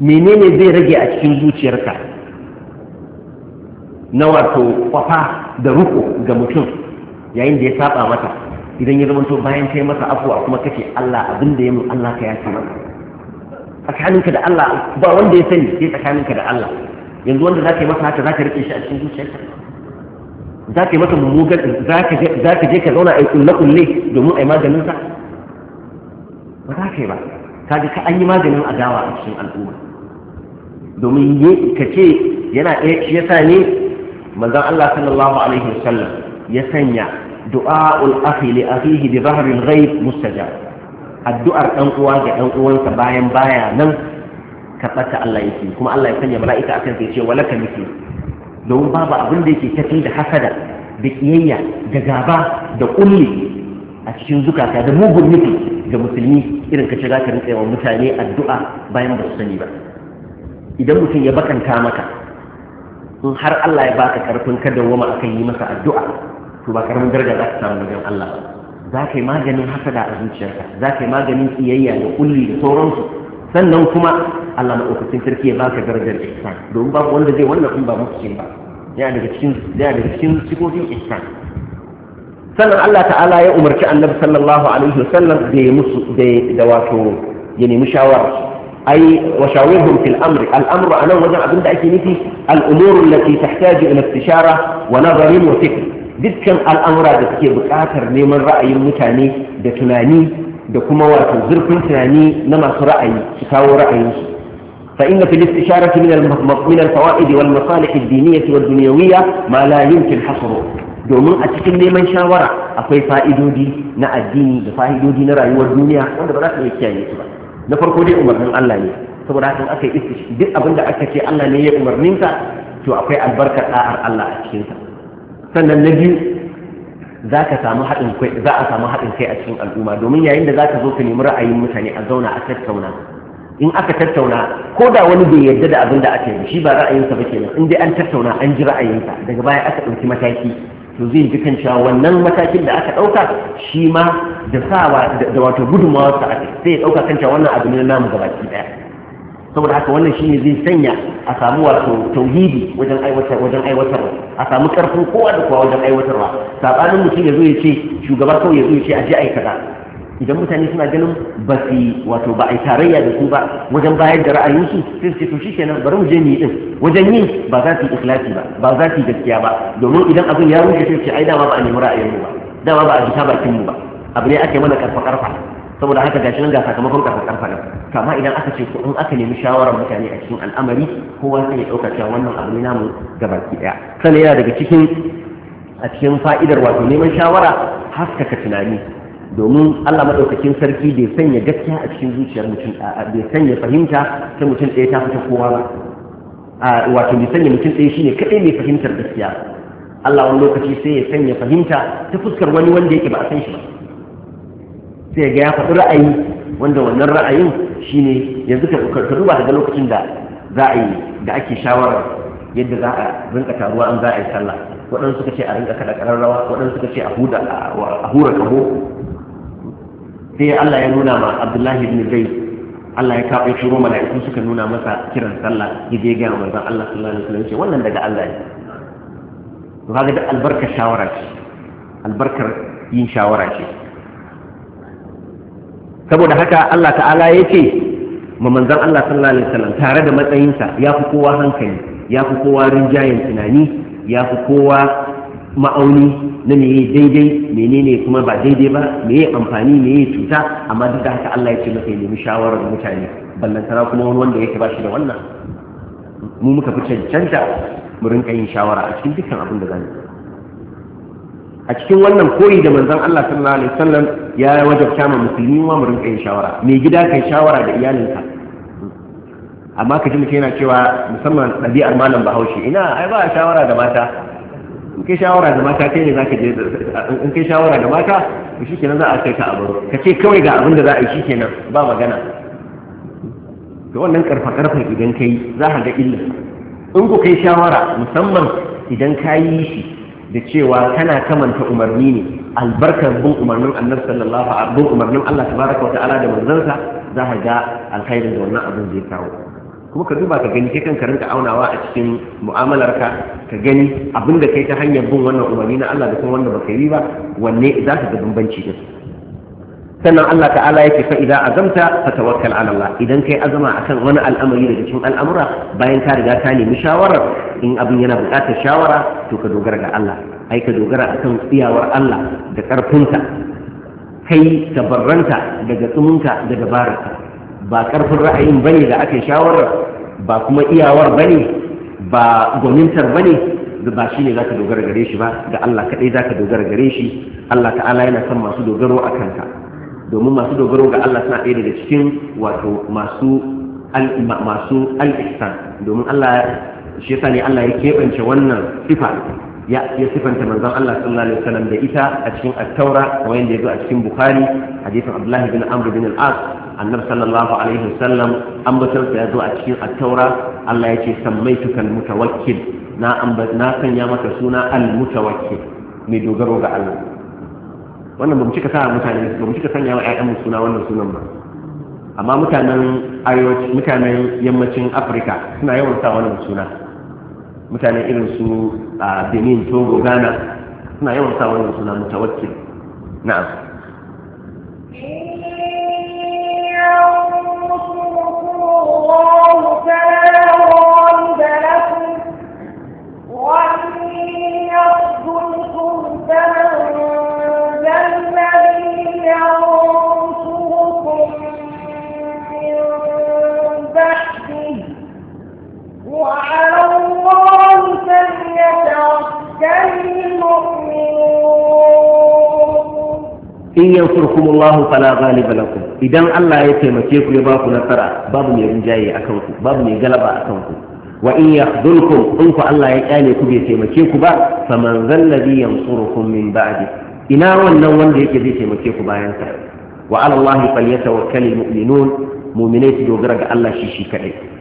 menene zai rage a cikin zuciyarka na wato kwafa da ruko ga mutum yayin da ya saba mata idan ya zama to bayan kai masa afuwa kuma kake Allah abin da ya mun Allah ka yace maka tsakaninka da Allah ba wanda ya sani sai tsakaninka da Allah yanzu wanda za ka yi masa haka zaka rike shi a cikin zuciyarka ka yi masa mummugan za ka je ka zauna a kulle kulle domin a yi maganin sa ba za ka yi ba kaga ka an yi maganin adawa a cikin al'umma domin ne ka ce yana ɗaya shi yasa ne manzon Allah sallallahu alaihi wasallam ya sanya du'a ul akhi li akhihi bi dhahril ghaib mustajab addu'ar ɗan uwa ga ɗan uwansa bayan baya nan ka tsaka Allah yake kuma Allah ya sanya mala'ika akan sai ce walaka miki domin babu abin da yake tafi da hasada da kiyayya da gaba da kulli a cikin zukata da mugun nufi ga musulmi irin ka shiga ka rinka mutane addu'a bayan ba su sani ba idan mutum ya bakanta maka in har Allah ya baka karfin ka dawwama akan yi masa addu'a to ba karamin daraja za ka samu wajen Allah ba za ka yi maganin hasada a zuciyarka za ka yi maganin tsiyayya da kulli da sauransu sannan kuma Allah maɗaukacin sarki ya baka darajar ihsan domin babu wanda zai wannan kun ba mutum ba yana daga cikin yana daga cikin sifofin ihsan sannan Allah ta'ala ya umarci annabi sallallahu alaihi wasallam da ya musu da wato ya nemi shawara أي وشاورهم wajen الأمر الأمر أنا وجه أبدا أكينيتي الأمور التي تحتاج إلى استشارة ونظر وفكر dukkan al'amura da suke buƙatar neman ra'ayin mutane da tunani da kuma wato zurfin tunani na masu ra'ayi su kawo ra'ayinsu فإن في الاستشارة من من الفوائد والمصالح الدينية والدنيوية domin a cikin neman shawara akwai fa'idodi na addini da fa'idodi na rayuwar duniya wanda ba za ka iya kiyaye su ba na farko dai umarnin Allah ne saboda haka aka yi duk abin aka ce Allah ne ya umarninsa to akwai albarkar da'ar Allah a cikinsa sannan na biyu za ka samu haɗin kai za a samu haɗin kai a cikin al'umma domin yayin da za ka zo ka nemi ra'ayin mutane a zauna a tattauna in aka tattauna ko da wani bai yarda da abin da aka yi shi ba ra'ayinsa ba kenan in dai an tattauna an ji ra'ayinsa daga baya aka ɗauki mataki to zai ji kan cewa wannan matakin da aka ɗauka shi ma da sawa da wato gudunmawarsa a sai ya ɗauka kan cewa wannan abu ne namu gabaki ɗaya saboda haka wannan shine zai sanya a samu wato tauhidi wajen aiwatar wajen aiwatarwa a samu karfin kowa da kowa wajen aiwatarwa sabanin mutum ya zo ya ce shugaba kawai ya zo ya ce a je ai kaza idan mutane suna ganin ba su wato ba a yi tarayya da su ba wajen bayar da ra'ayinsu sai su ce to shi kenan bari mu je mu yi din wajen yin ba za su yi ikhlasi ba ba za su yi gaskiya ba domin idan abin ya rushe sai su ce ai dama ba a nemi mu ba dama ba a jita mu ba abu ne ake mana karfa karfa saboda haka gashi nan ga sakamakon karfa karfa ne kama idan aka ce in aka nemi shawarar mutane a cikin al'amari kowa sai ya ɗauka cewa wannan abu ne namu gabaki ɗaya sannan yana daga cikin a cikin fa'idar wato neman shawara haskaka tunani domin Allah maɗaukakin sarki bai sanya gaskiya a cikin zuciyar mutum bai sanya fahimta ta mutum ɗaya ta fita kowa ba wato bai sanya mutum ɗaya shine kaɗai mai fahimtar gaskiya Allah wani lokaci sai ya sanya fahimta ta fuskar wani wanda yake ba a san shi ba sai ga ya faɗi ra'ayi wanda wannan ra'ayin shine yanzu ka ka duba daga lokacin da za a yi da ake shawarar yadda za a rinka taruwa an za a yi sallah waɗansu suka ce a rinka kada ƙararrawa waɗansu suka ce a hura kaho sai Allah ya nuna ma Abdullahi ibn Zayd Allah ya kawo shiro mala'iku suka nuna masa kiran sallah ya je ga manzon Allah sallallahu alaihi wasallam ce wannan daga Allah ne to kaga da albarkar shawara ce albarkar yin shawara ce saboda haka Allah ta'ala ya ce ma manzan Allah sallallahu alaihi wasallam tare da matsayinsa ya fi kowa hankali ya fi kowa rinjayen tunani ya fi kowa ma'auni na yi daidai menene kuma ba daidai ba yi amfani yi cuta amma duk da haka Allah ya ce masa ya nemi shawarar mutane ballantana kuma wani wanda yake ba shi da wannan mu muka fi cancanta mu rinka yin shawara a cikin dukkan abin da zamu a cikin wannan koyi da manzon Allah sallallahu alaihi wasallam ya wajabta ma musulmi ma mu rinka yin shawara Me gida kai shawara da iyalinka amma ka ji yana cewa musamman ɗabi'ar malam bahaushe ina ai ba shawara da mata in kai shawara da mata kai ne zaka je in kai shawara da mata to shikenan za a kai ka abu ka ce kawai ga abin da za a yi shikenan ba magana to wannan karfa karfa idan kai za ka ga illa in ku kai shawara musamman idan ka yi shi da cewa kana kamanta umarni ne albarkar bin umarnin annabi sallallahu alaihi bin umarnin Allah tabaraka wa ta'ala da manzansa za ka ga alkhairin da wannan abin zai kawo kuma ka duba ka gani kai kanka rinka aunawa a cikin mu'amalarka ka gani abin da kai ta hanyar bin wannan umarni na Allah da kuma wanda baka yi ba wanne za ka ga bambanci da sannan Allah ta'ala yake fa azamta azamta ta ala Allah idan kai azama akan wani al'amari daga cikin al'amura bayan ka riga ka nemi shawarar in abin yana buƙatar shawara to ka dogara ga Allah ai ka dogara akan tsiyawar Allah da ƙarfinka kai ka daga tsumunka da dabararka ba ƙarfin ra'ayin bane da aka shawarar ba kuma iyawar bane ba gwanintar bane ba shi ne za ka dogara gare shi ba ga Allah kaɗai za ka dogara gare shi Allah ta'ala yana son masu dogaro a kanka domin masu dogaro ga Allah suna ɗaya daga cikin wato masu masu al-ihsan domin Allah shi yasa ne Allah ya keɓance wannan sifa ya ya sifanta manzon Allah sallallahu alaihi wasallam da ita a cikin at-taura kamar yadda yazo a cikin bukhari hadisin Abdullah bin Amr bin al-As annabi sallallahu alaihi wasallam an batar da yazo a cikin at-taura Allah ya ce sammaituka al-mutawakkil na na sanya maka suna al-mutawakkil mai dogaro ga Allah wannan ba mu cika sa mutane ba mu cika sanya wa ƴaƴanmu suna wannan sunan ba amma mutanen arewaci mutanen yammacin afirka suna yawan sa wannan suna mutanen irin su a benin togo ghana suna yawan sa wannan suna mutawakkil na'am Allah'u وعلى الله فليتوكل المؤمنون in yansurkum Allah fala ghaliba lakum idan Allah ya taimake ku ya ba ku nasara babu mai rinjaye akan ku babu mai galaba akan ku wa in yakhdhulkum in ku Allah ya kyale ku bai taimake ku ba faman zalladhi yansurukum min ba'di ina wannan wanda yake zai taimake ku bayan sa wa ala Allah falyatawakkalul mu'minun mu'minai su dogara ga Allah shi shi kadai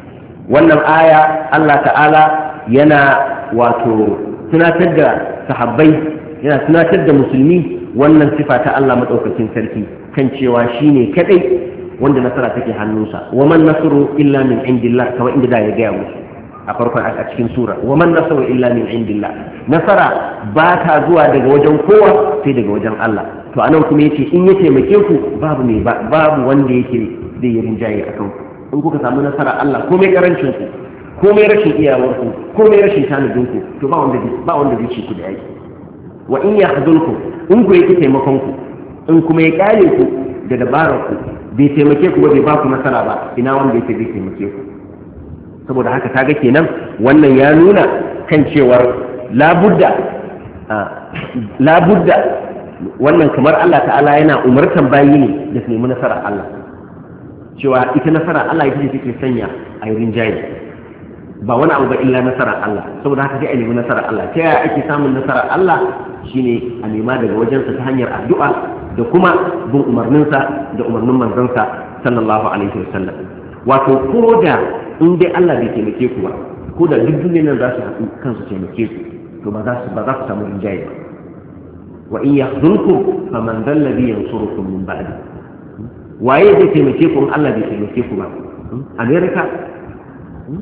wannan aya Allah ta'ala yana wato tunatar da sahabbai yana tunatar da musulmi wannan sifa ta Allah maɗaukakin sarki kan cewa shi ne kaɗai wanda nasara take hannunsa wa man nasru illa min indillah kamar inda da ya gaya musu a farkon a cikin sura wa man nasru illa min indillah nasara ba ta zuwa daga wajen kowa sai daga wajen Allah to anan kuma yace in ya taimake ku babu mai babu wanda yake zai yi rinjaye a kanku in kuka samu nasara Allah komai karancin ku komai rashin iyawar ku komai rashin tanadin ku to ba wanda ba wanda zai ci ku da yaki wa in yahdulku in ku yake taimakon ku in kuma ya kyale ku da dabarar ku bai taimake ku ba bai ba ku nasara ba ina wanda yake zai taimake ku saboda haka ta ga kenan wannan ya nuna kan cewar labudda labudda wannan kamar Allah ta'ala yana umartan bayi ne da su nemi nasara Allah cewa ita nasara Allah ita ce take sanya a yi rinjaye ba wani abu ba illa nasara Allah saboda haka sai a nemi nasara Allah ta yaya ake samun nasara Allah shine a nema daga wajensa ta hanyar addu'a da kuma bin umarninsa da umarnin manzansa sallallahu alaihi wasallam wato ko da in dai Allah bai taimake ku ba ko da duk duniyar nan za su haɗu kansu taimake ku to ba za su ku samu rinjaye ba wa in yahzunkum faman dhal yansurukum min ba'di waye zai taimake ku in Allah zai taimake ku ba hmm? America hmm?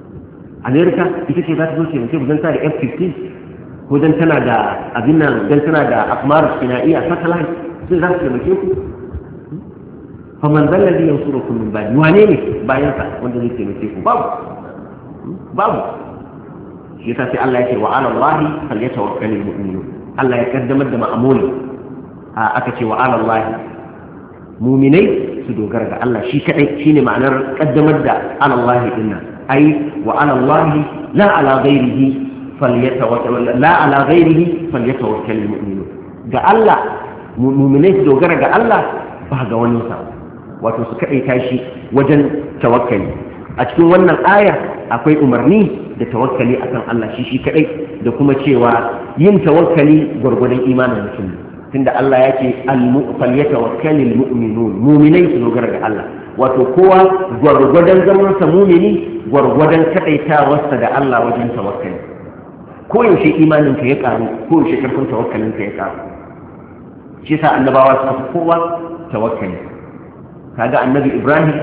America ita ce za ta zo taimake ku don ta da F-15 ko don tana da abin nan don tana da akmar sinai a satellite sai za ta taimake ku hmm? man zalla zai yansu da kullum ba wane ne bayan sa wanda zai taimake ku babu babu shi yasa sai Allah ya ce wa ala Allah fal yatawakkalul mu'minun Allah ya kaddamar da ma'amuli a aka ce wa ala Allah muminai su dogara ga Allah shi kadai shine ma'anar kaddamar da alallahi dinnan ai wa alallahi la ala ghairihi falyatawakkal la ala ghairihi falyatawakkal almu'minun ga Allah mu'minai su dogara ga Allah ba ga wani sa wato su kadai tashi wajen tawakkali a cikin wannan aya akwai umarni da tawakkali akan Allah shi shi kadai da kuma cewa yin tawakkali gwargwadon imanin mutum ne. tunda Allah ya ce al-mu'fal yatawakkalul mu'minun mu'minai su dogara ga Allah wato kowa gwargwadon zaman sa mu'mini gwargwadon kadaitawarsa da Allah wajen tawakkali ko yaushe imanin ka ya karu ko yaushe karfin tawakkalin ka ya karu shi sa annabawa suka kowa tawakkali kaga annabi Ibrahim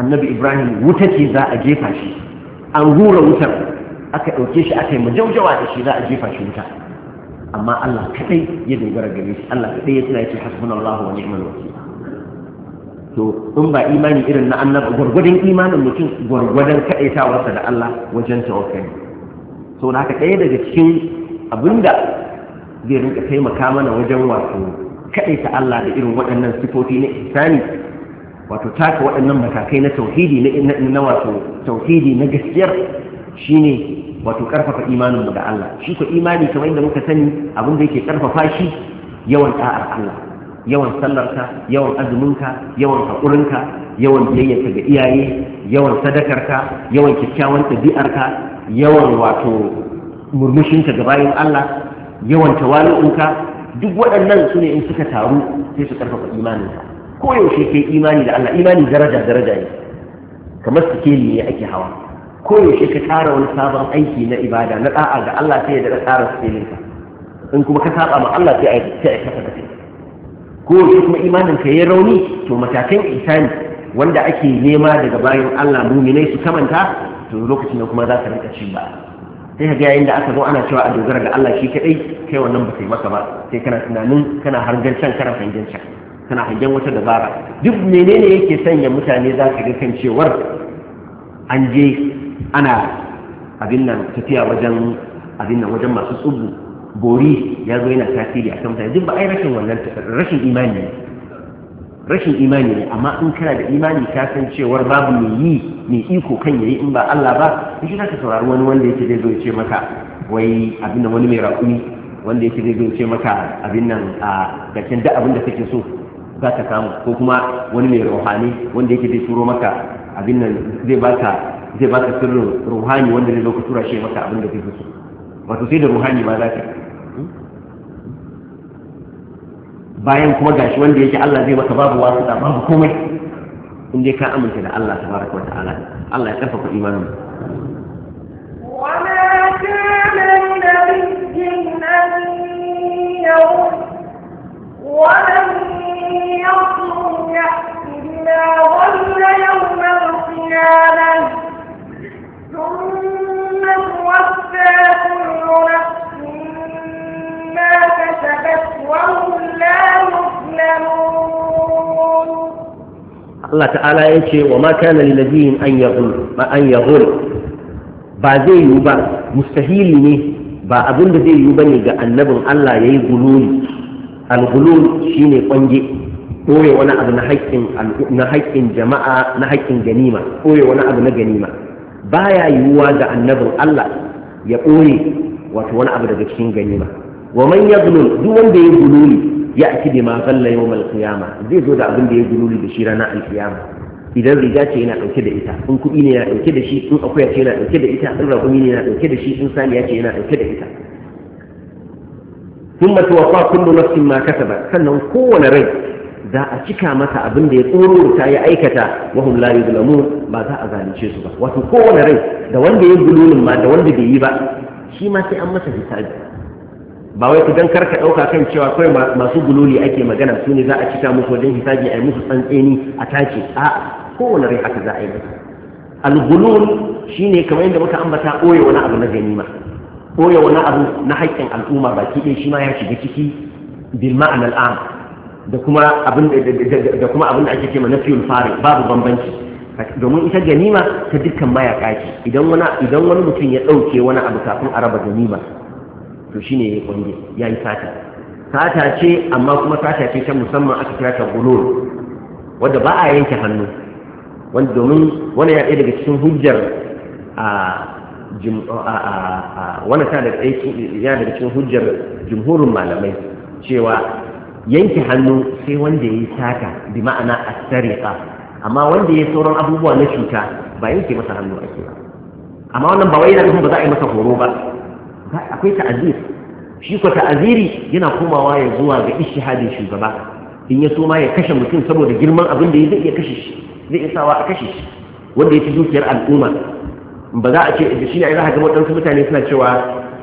annabi Ibrahim wuta ce za a jefa shi an hura wutar aka ɗauke shi aka yi majaujawa da shi za a jefa shi wuta amma Allah kadai ya dogara gare shi Allah kadai ya tuna yake hasbunallahu wa ni'mal wakil to in ba imani irin na annabi gwargwadon imanin mutum ta kaɗaitawarsa da Allah wajen tawakkali so na ɗaya daga cikin abinda zai rinka taimaka mana wajen wato kaɗaita Allah da irin waɗannan sifofi na ihsani wato taka waɗannan matakai na tauhidi na wato tauhidi na gaskiyar shine wato karfafa imanin da Allah shi ko imani kamar yadda muka sani abin da yake karfafa shi yawan da'ar Allah yawan sallarka yawan azuminka yawan haƙurinka yawan biyayyarka ga iyaye yawan sadakarka yawan kyakkyawan ɗabi'arka yawan wato murmushinka ga bayan Allah yawan tawali'unka duk waɗannan su ne in suka taru sai su ƙarfafa imaninka ko yaushe kai imani da Allah imani daraja daraja ne kamar sikeli ne ake hawa koyaushe ka tsara wani sabon aiki na ibada na da'a ga Allah sai ya daɗa tsara tsirinka in kuma ka saba ma Allah sai a yi kasa kasa koyaushe kuma imanin ka ya rauni to matakan isami wanda ake nema daga bayan Allah muminai su kamanta to lokacin da kuma za ka rinka cin ba sai ka ga yayin da aka zo ana cewa a dogara ga Allah shi kadai kai wannan ba sai maka ba sai kana tunanin kana hangen can kana hangen can kana hangen wata dabara duk menene yake sanya mutane za ka ga kan cewar an je ana abin nan tafiya wajen abin nan wajen masu tsubu bori ya zo yana tasiri a kan mutane duk ba yi rashin wannan rashin imani ne rashin imani ne amma in kana da imani ka san cewar babu mai yi mai iko kan yayi in ba Allah ba in shi ka saurari wani wanda yake zai zo ya ce maka wai abin nan wani mai raƙumi wanda yake zai zo ya ce maka abin nan a gashin duk abin da kake so za ka samu ko kuma wani mai ruhani wanda yake zai turo maka abin nan zai baka zai baka sirrin ruhani wanda zai zo ka tura shi maka abin da zai fito wato sai da ruhani ma za ka bayan kuma gashi wanda yake Allah zai maka babu wasu da babu komai in dai ka aminta da Allah tabaraka wa ta'ala Allah ya karfafa imanin mu وما كان لنبي wa lam ومن يطلب يأتي بما ظل يوم القيامة Allah ta'ala ya ce wa ma kana lilabiyin an yaghul an yaghul ba zai yiwu ba mustahili ne ba abin da zai yiwu ba ne ga annabin Allah ya yi gululi al-gulul shine kwange ɓoye wani abu na haƙƙin jama'a na haƙƙin ganima ɓoye wani abu na ganima baya yiwuwa ga annabin Allah ya ɓoye wato wani abu daga cikin ganima wa man yaglul duk wanda ya gululi ya aki bi ma ghalla yawm zai zo da abin da ya gululi da shi ranar al-qiyama idan riga ce yana dauke da ita in kuɗi ne yana dauke da shi in akwai ce yana dauke da ita in raƙumi ne yana dauke da shi in saniya ce yana dauke da ita thumma tuwaffa kullu nafsin ma kasabat sannan kowane rai za a cika masa abin da ya tsoro ta ya aikata wa hum la yuzlamun ba za a zalunce su ba wato kowane rai da wanda ya gululin ma da wanda bai yi ba shi ma sai an masa hisabi ba wai kar karka ɗauka kan cewa kawai masu gululi ake magana su ne za a cika musu wajen hisabi a yi musu tsantseni a tace a kowane rai haka za a yi algulul shine kamar yadda muka ambata ɓoye wani abu na ganima ɓoye wani abu na haƙƙin al'umma baki ɗaya shi ma ya shiga ciki bil ma'anar am da kuma abin da kuma abin da ake cewa nafiyul fari babu bambanci domin ita ganima ta dukkan mayaka ce idan wani idan wani mutum ya ɗauke wani abu kafin a raba ganima to shine yayi ya yi sata sata ce amma kuma sata ce ta musamman aka kira ta gulul wadda ba a yanke hannu wanda domin wani ya daga cikin hujjar a wani ta daga ya daga cikin hujjar jimhurin malamai cewa yanke hannu sai wanda ya yi sata bi ma'ana a sarika amma wanda ya sauran abubuwa na cuta ba yanke masa hannu ake ba amma wannan ba wai yana nufin ba za a yi masa horo ba akwai ta'azir shi ko ta'aziri yana komawa ya zuwa ga ishihadin shugaba in ya so ma ya kashe mutum saboda girman abin da zai iya kashe shi zai iya sawa a kashe shi wanda ya fi dukiyar al'umma ba za a ce da shi ne za a ga waɗansu mutane suna cewa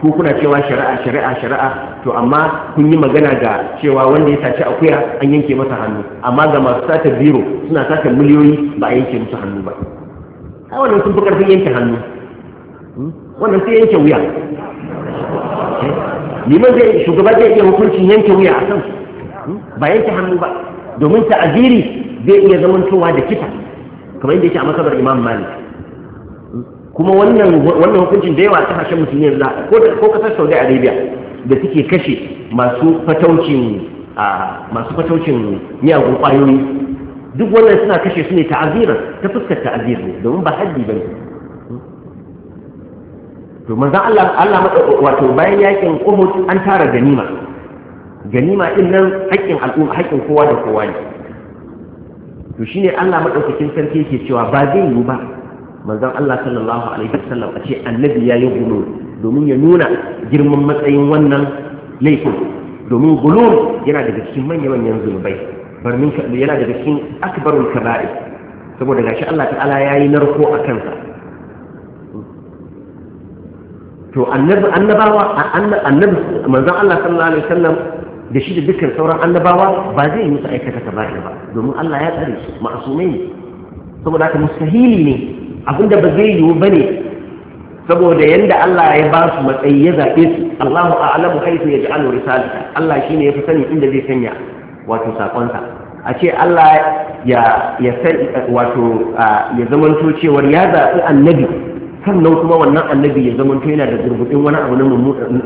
ko kuna cewa shari'a shari'a shari'a to amma kun yi magana ga cewa wanda ya saci akuya an yanke masa hannu amma ga masu sata biro suna sata miliyoyi ba a yanke musu hannu ba a wannan sun fi ƙarfin yanke hannu hmm? wannan sai yanke wuya liman zai shugaba zai iya hukuncin yanke wuya a kan ba yanke hannu ba domin ta'aziri zai iya zamantowa da kita kamar yadda yake a masabar imam malik kuma wannan wannan hukuncin da yawa ta kasashen musulmi yanzu ko ko kasar saudi arabia da suke kashe masu fataucin masu fataucin miyagun kwayoyi duk wannan suna kashe su ne ta'aziran ta fuskar ta'azir domin ba haddi ba ne to manzon Allah Allah wato bayan yakin Uhud an tara ganima ganima din nan haƙƙin al'umma haƙƙin kowa da kowa ne to shine Allah madaukakin sarki yake cewa ba zai yiwu ba manzon Allah sallallahu alaihi wasallam a ce annabi ya yi gulu domin ya nuna girman matsayin wannan laifin domin gulu yana daga cikin manya-manyan zunubai barmin yana daga cikin akbarul kaba'ir saboda gashi Allah ta'ala yayi narko a kansa to annabi annabawa annabi manzon Allah sallallahu alaihi wasallam da shi da dukkan sauran annabawa ba zai yi musu aikata kaba'ir ba domin Allah ya tsare su ma'asumai ne saboda haka mustahili ne abinda ba zai yiwu bane saboda yanda Allah ya ba su matsayi ya zaɓe su Allahu a'lamu haythu yaj'alu risalata Allah shine yafi sani inda zai sanya wato sakonsa a ce Allah ya ya wato ya zamanto cewar ya zaɓi annabi sannan kuma wannan annabi ya zama yana da zurgudin wani abu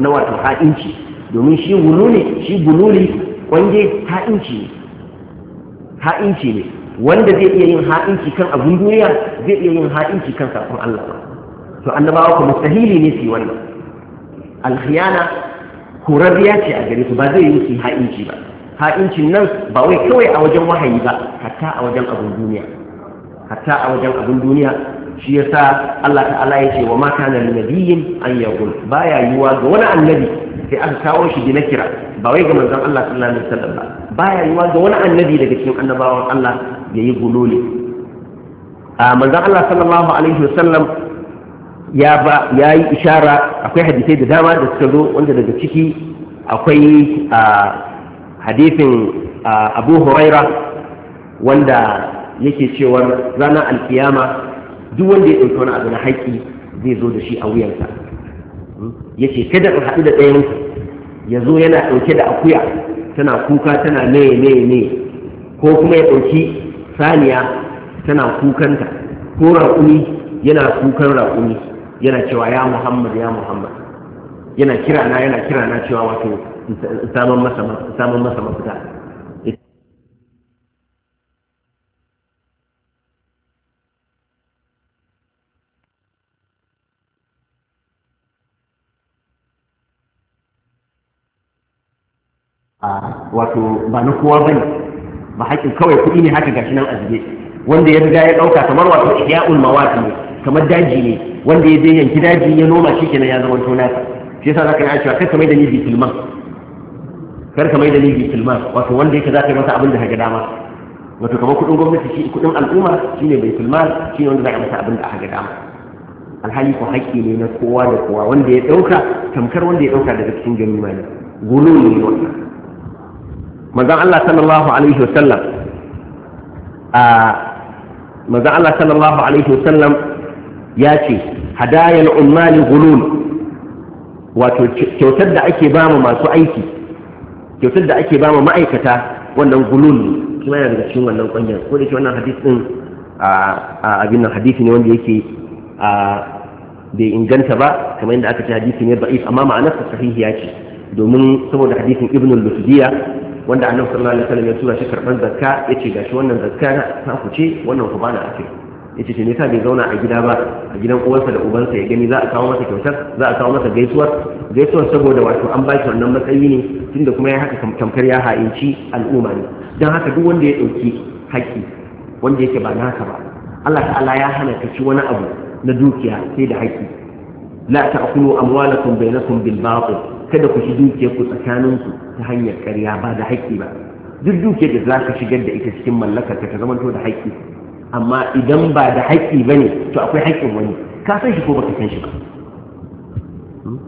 na wato ha'inci domin shi gululi shi gululi wanje ha'inci ne ha'inci ne wanda zai iya yin ha'inci kan abin duniya zai iya yin ha'inci kan sakon Allah to annabawa kuma sahili ne su wannan alkhiyana horarriya ce a gare su ba zai yi su ha'inci ba ha'incin nan ba wai kawai a wajen wahayi ba hatta a wajen abin duniya hatta a wajen abin duniya shi ya sa Allah ta'ala ya ce wa ma kana lin nabiyyin Ba ya yi wa ga wani annabi sai aka kawo shi gina kira ba wai ga manzon Allah sallallahu alaihi wasallam ba yi wa ga wani annabi daga cikin annabawan Allah ya yi gululi a manzon Allah sallallahu alaihi wasallam ya ba ya yi ishara akwai hadisai da dama da suka zo wanda daga ciki akwai hadisin abu huraira wanda yake cewar ranar alkiyama duk wanda ya ɗauki wani abu na haƙƙi zai zo da shi a wuyansa ya ce kada in haɗu da ɗayan ya zo yana ɗauke da akuya tana kuka tana meye meye meye ko kuma ya ɗauki saniya tana kukanta ko raƙumi yana kukan raƙumi yana cewa ya muhammad ya muhammad yana kirana yana kirana cewa wato saman masa mafita wato ba na kowa bane ba haƙƙin kawai kuɗi ne haka gashi nan a zube wanda ya riga ya ɗauka kamar wato ihya'ul mawati ne kamar daji ne wanda ya je yanki daji ya noma shi kenan ya zama to nasa shi yasa zaka yi cewa kar ka mai da ni bi tilman kar ka mai da ni bi tilman wato wanda yake ka yi masa abin da haga dama wato kamar kuɗin gwamnati shi kuɗin al'umma shi ne bai tilman ne wanda zaka masa abin da haga dama alhali ko haƙƙi ne na kowa da kowa wanda ya ɗauka tamkar wanda ya ɗauka daga cikin jami'a ne gulu ne wannan Manzan Allah sallallahu alaihi wasallam a manzon Allah sallallahu alaihi wasallam ya ce hadayal ummali gulun, wato kyautar da ake ba mu masu aiki kyautar da ake ba mu ma'aikata wannan gulun ne kuma yana daga cikin wannan ƙwanyar. ko da ke wannan hadis din a abin nan hadisi ne wanda yake a bai inganta ba kamar yadda aka ce hadisi ne da'if amma ma'anar sa ya ce domin saboda hadisin ibn al wanda annabi sallallahu alaihi wasallam ya tura shi karban zakka yace gashi wannan zakka na ta ku ce wannan ku bana ake yace ce ne sa bai zauna a gida ba a gidan uwansa da ubansa ya gani za a kawo masa kyautar za a kawo masa gaisuwar gaisuwar saboda wato an ba shi wannan matsayi ne tunda kuma ya haka tamkar ya ha'inci al'umma ne don haka duk wanda ya dauki haƙƙi wanda yake ba naka ba Allah ta'ala ya hana ka ci wani abu na dukiya sai da haƙƙi la ta'kulu amwalakum bainakum bil batil kada ku shi dukiyar ku tsakaninku ta hanyar ƙarya ba da haƙƙi ba duk dukiyar da za ka shigar da ita cikin mallakar ka ta zamanto da haƙƙi amma idan ba da haƙƙi ba ne to akwai haƙƙin wani ka san shi ko baka san shi ba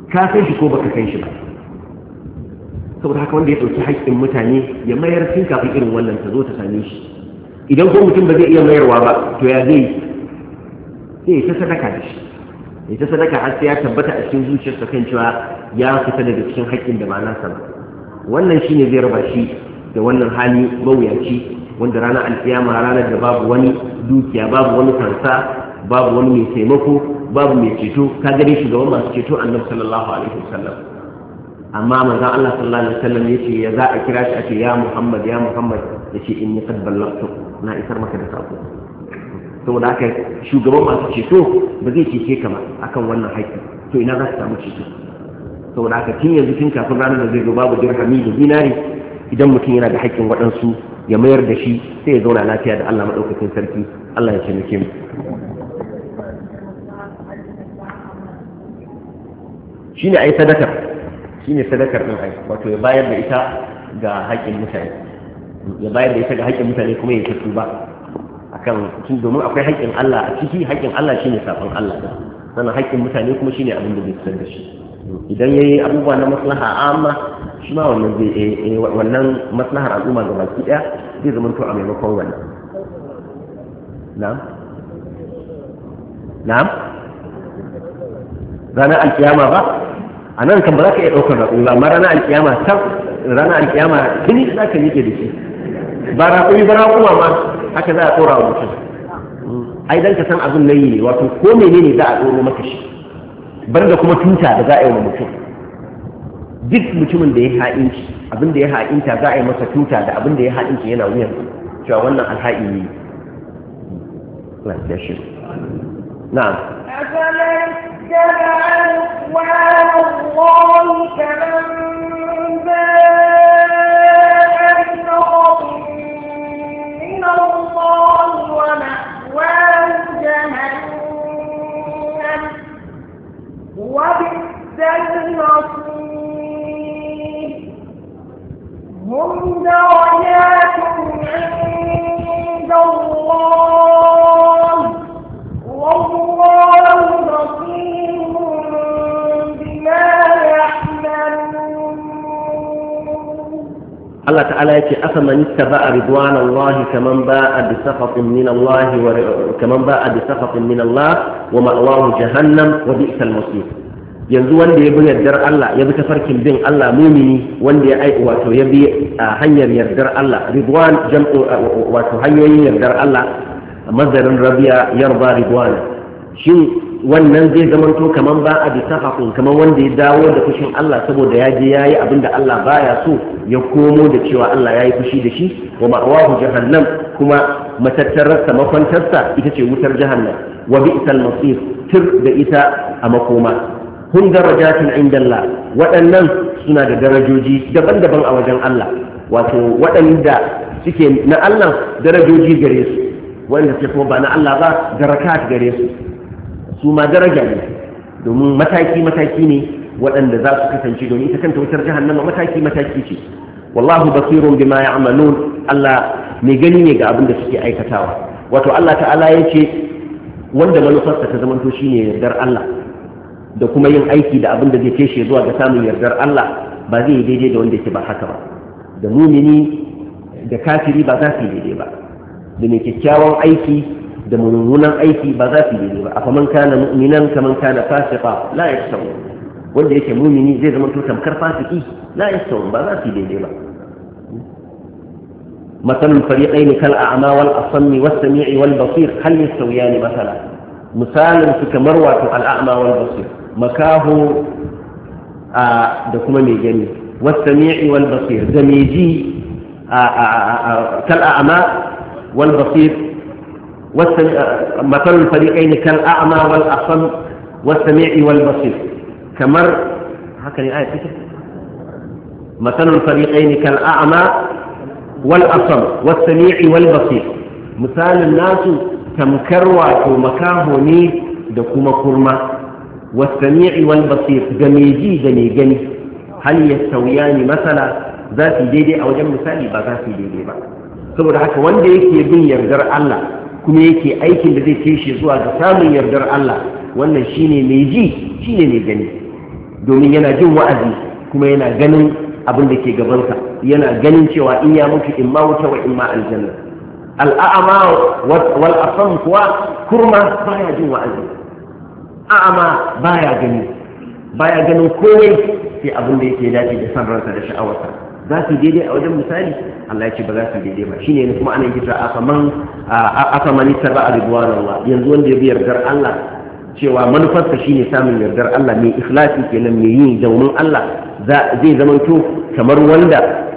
ka san shi ko baka san shi ba saboda haka wanda ya ɗauki haƙƙin mutane ya mayar tun kafin irin wannan ta zo ta same shi idan ko mutum ba zai iya mayarwa ba to ya zai sai ta sadaka da shi Mai ta sadaka har sai ya tabbata a cikin zuciyarsa kan cewa ya fita daga cikin haƙƙin da ba nasa ba wannan shine zai raba shi da wannan hali mawuyaci wanda ranar alkiyama ranar da babu wani dukiya babu wani kansa babu wani mai taimako babu mai ceto ka gare shugaban masu ceto annabi sallallahu alaihi wasallam amma manzon Allah sallallahu alaihi wasallam yace ya za a kira shi a ce ya Muhammad ya Muhammad yace inni qad ballagtu na isar maka da sako saboda haka shugaban masu ceto ba zai cece ka ba akan wannan haƙƙi to ina za su samu ceto saboda haka tun yanzu tun kafin ranar da zai zo babu dirhami da zinari idan mutum yana da haƙƙin waɗansu ya mayar da shi sai ya zauna lafiya da Allah maɗaukakin sarki Allah ya taimake mu shine ai sadakar shine sadakar din ai wato ya bayar da ita ga haƙƙin mutane ya bayar da ita ga haƙƙin mutane kuma ya tattu ba akan tun domin akwai haƙƙin Allah a ciki haƙƙin Allah shine sabon Allah da sannan haƙƙin mutane kuma shine abin da zai fitar da shi idan yayi abubuwa na maslaha amma shi ma wannan zai eh, eh, wannan maslahar al'umma ga baki daya zai zama to a maimakon wannan na'am na'am ranar alkiyama ba a nan kan ba za ka iya ɗaukar raƙumi ranar alkiyama tab ranar alkiyama tuni za ka yi da shi ba raƙumi ba raƙuma ma haka za a tsora wa mutum ai dan ka san abin nayi ne wato ko menene za a tsoro maka shi bar da kuma tuta da za a yi wa mutum duk mutumin da ya ha'inci abin da ya ha'inta za a yi masa tuta da abin da ya ha'inci yana wuyan cewa wannan alha'i ne Na shi na'am أفمن عند الله والله بما تعالى يقول أفمن اتبع رضوان الله كمن باء بسخط من الله و... كمن باء بسخط من الله ومأواه جهنم وبئس المصير yanzu wanda ya bi yardar Allah ya bi tafarkin bin Allah mumini wanda ya aiki wato ya bi hanyar yardar Allah ridwan jam'u wato hanyoyin yardar Allah mazarin rabiya yarda ridwan shin wannan zai zamanto kaman ba a bisa hakun kaman wanda ya dawo da fushin Allah saboda ya je yayi abin da Allah baya so ya komo da cewa Allah yayi fushi da shi wa ma'awahu jahannam kuma matattararsa makwantarsa ita ce wutar jahannam wa bi'sal masir tir da ita a makoma hun darajatin inda Allah waɗannan suna da darajoji daban-daban a wajen Allah wato waɗanda suke na Allah darajoji gare su wanda suke kuma ba na Allah ba darakat gare su su ma daraja ne domin mataki-mataki ne waɗanda za su kasance domin ita kanta wutar jahannama mataki-mataki ce wallahu basirun bima ya'malun Allah mai gani ne ga abin da suke aikatawa wato Allah ta'ala ya ce wanda manufarsa ta zamanto shine yardar Allah da kuma yin aiki da abin da zai kai shi zuwa ga samun yardar Allah ba zai yi daidai da wanda yake ba haka ba da mumini da kafiri ba za su yi daidai ba da mai kyakkyawan aiki da mummunan aiki ba za su yi daidai ba a faman kana mu'minan kaman kana fasiqa la yastawu wanda yake mumini zai zama to tamkar fasiki la yastawu ba za su yi daidai ba مثل الفريقين كالأعمى والأصم والسميع والبصير هل يستويان مثلا مثال كمروة الأعمى والبصير makaho da kuma mai gani wasami'i wal basir da mai kal a'ma wal basir masalul fariqaini kal a'ma wal asam wasami'i wal basir kamar haka ne ayat masalul fariqaini kal a'ma wal asam wasami'i wal basir misalin nasu tamkar wato makaho ne da kuma kurma والسميع والبصير جميجي جميجني هل يستويان مثلا ذاتي ديدي أو جم مثالي بذاتي ديدي بقى سبب حكا وان ديكي بن يرجر الله كم يكي أيكي الذي تيشي زوا قسام يرجر الله وان شيني ميجي شيني ميجني دومين ينا جن وأزي كما ينا جنن abin da ke gabansa yana ganin cewa in ya mutu in ma wuta wa in ma aljanna al'a'ama wal asam kuwa kurma baya jin wa'azi a'ama baya gani baya ganin komai sai abin da yake dace da san ransa da sha'awarsa za su daidai a wajen misali Allah ya ce ba za su daidai ba shine ne kuma anan kira akaman akaman sarba a ridwan Allah yanzu wanda ya bi yardar Allah cewa manufarsa shine samun yardar Allah mai ikhlasi kenan mai yin daunin Allah zai zamanto kamar wanda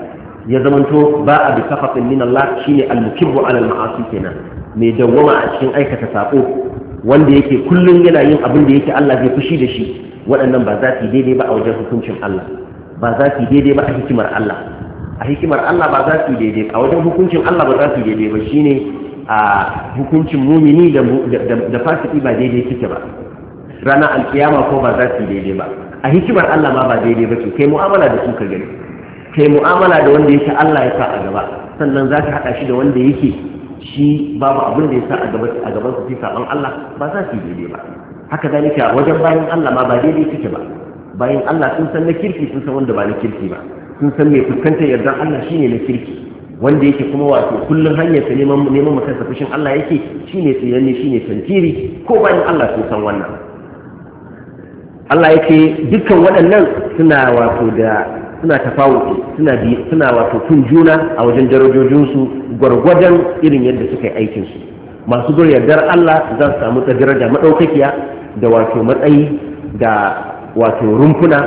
ya zamanto ba a bi kafafin min Allah shine al-mukibbu ala al-ma'asi kenan mai dawwama a cikin aikata sako wanda yake kullum yana yin abin da yake Allah zai fushi da shi waɗannan ba za su daidai ba a wajen hukuncin Allah ba za su daidai ba a hikimar Allah a hikimar Allah ba za su daidai a wajen hukuncin Allah ba za su daidai ba shine a hukuncin mumini da fasiki ba daidai kike ba rana alkiyama ko ba za su daidai ba a hikimar Allah ma ba daidai ba ce kai mu'amala da su ka gani kai mu'amala da wanda yake Allah ya sa a gaba sannan za ka haɗa shi da wanda yake shi babu abin da ya sa a gaban su fi saban Allah ba za su yi daidai ba haka zalika wajen bayan Allah ma ba daidai suke ba bayan Allah sun san na kirki sun san wanda ba na kirki ba sun san mai fuskantar yadda Allah shi ne na kirki wanda yake kuma wato kullum hanyar sa neman neman mutan sa fushin Allah yake shine shi ne tantiri ko bayan Allah sun san wannan Allah yake dukkan waɗannan suna wato da suna tafawuki suna suna wato tun juna a wajen darajojinsu gwargwadon irin yadda suka yi aikinsu masu zuwa yardar Allah za su samu ta daraja maɗaukakiya da wato matsayi da wato rumfuna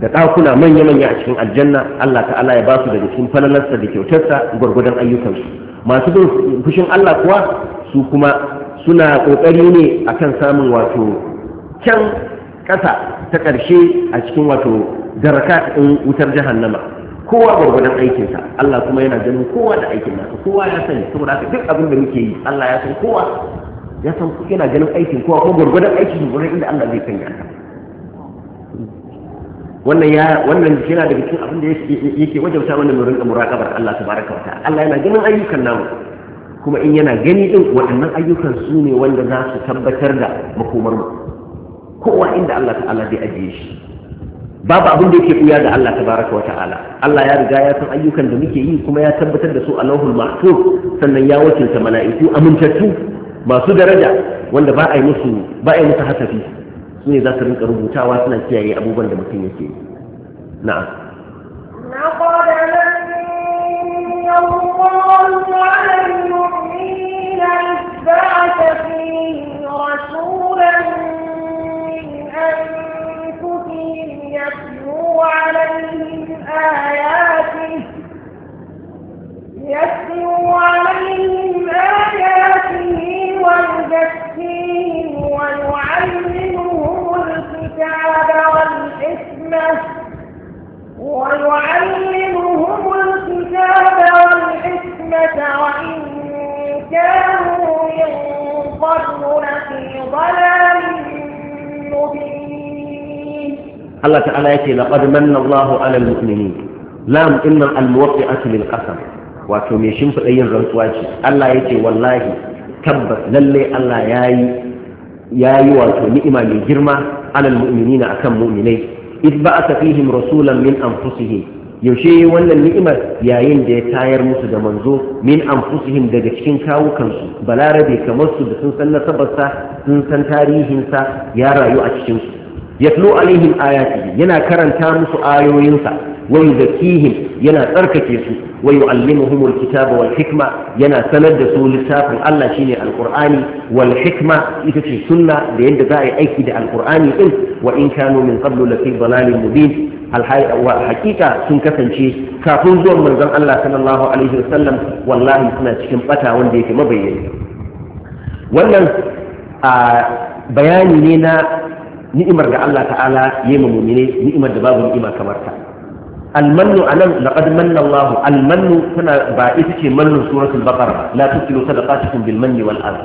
da ɗakuna manya-manya a cikin aljanna Allah ta'ala ya ba su daga cikin falalarsa da kyautarsa gwargwadon ayyukansu masu bin fushin Allah kuwa su kuma suna ƙoƙari ne akan samun wato can ƙasa ta ƙarshe a cikin wato darakat in wutar jahannama kowa gwargwadon aikinsa Allah kuma yana ganin kowa da aikin nasa kowa ya sani saboda haka duk abin da muke yi Allah ya san kowa ya san yana ganin aikin kowa ko gwargwadon aikin gurin inda Allah zai sanya wannan ya wannan yana daga cikin abin da yake wajabta wannan mu rinka muraqabar Allah tabaraka wa ta'ala Allah yana ganin ayyukan namu kuma in yana gani din waɗannan ayyukan su ne wanda za su tabbatar da makomar mu kowa inda Allah ta'ala zai ajiye shi babu abin da yake buya da Allah tabaraka wa ta'ala Allah ya riga ya san ayyukan da muke yi kuma ya tabbatar da su a lauhul mahfuz sannan ya wakilta mala'iku amintattu masu daraja wanda ba a yi musu ba a yi musu hasafi su ne za su rinka rubutawa suna kiyaye abubuwan da mutum yake yi na'am الله عليهم آياته يتلو عليهم آياته ويزكيهم Allah ta'ala yake laqad manna Allahu 'alal mu'minin lam inna al-muwaqqi'atu lil qasam wato me shin fada yin rantsuwa ce Allah yake wallahi tabbas lalle Allah yayi yayi wato ni'ima mai girma 'alal mu'minina akan mu'minai id ba'atha fihim rasulan min anfusihim yaushe wannan ni'imar yayin da ya tayar musu da manzo min anfusihim daga cikin kawukansu balarabe kamar su da sun san nasabarsa sun san tarihinsa ya rayu a cikinsu yatlu alaihim ayati yana karanta musu ayoyinsa wai yuzakkihim yana tsarkake su wa yu'allimuhum alkitaba wal hikma yana sanar da su littafin Allah shine alqur'ani wal hikma ita ce sunna da yadda za a yi aiki da alqur'ani din wa in kanu min qablu lafi dalalin mubin hakika sun kasance kafin zuwan manzon Allah sallallahu alaihi wasallam wallahi suna cikin bata wanda yake mabayyana wannan bayani ne na ni'imar da Allah ta'ala ya mu mu'mine ni'imar da babu ni'ima kamar ta almannu anan laqad manna Allah almannu tana ba ita ce mannu suratul baqara la tusilu sadaqatukum bil manni wal adha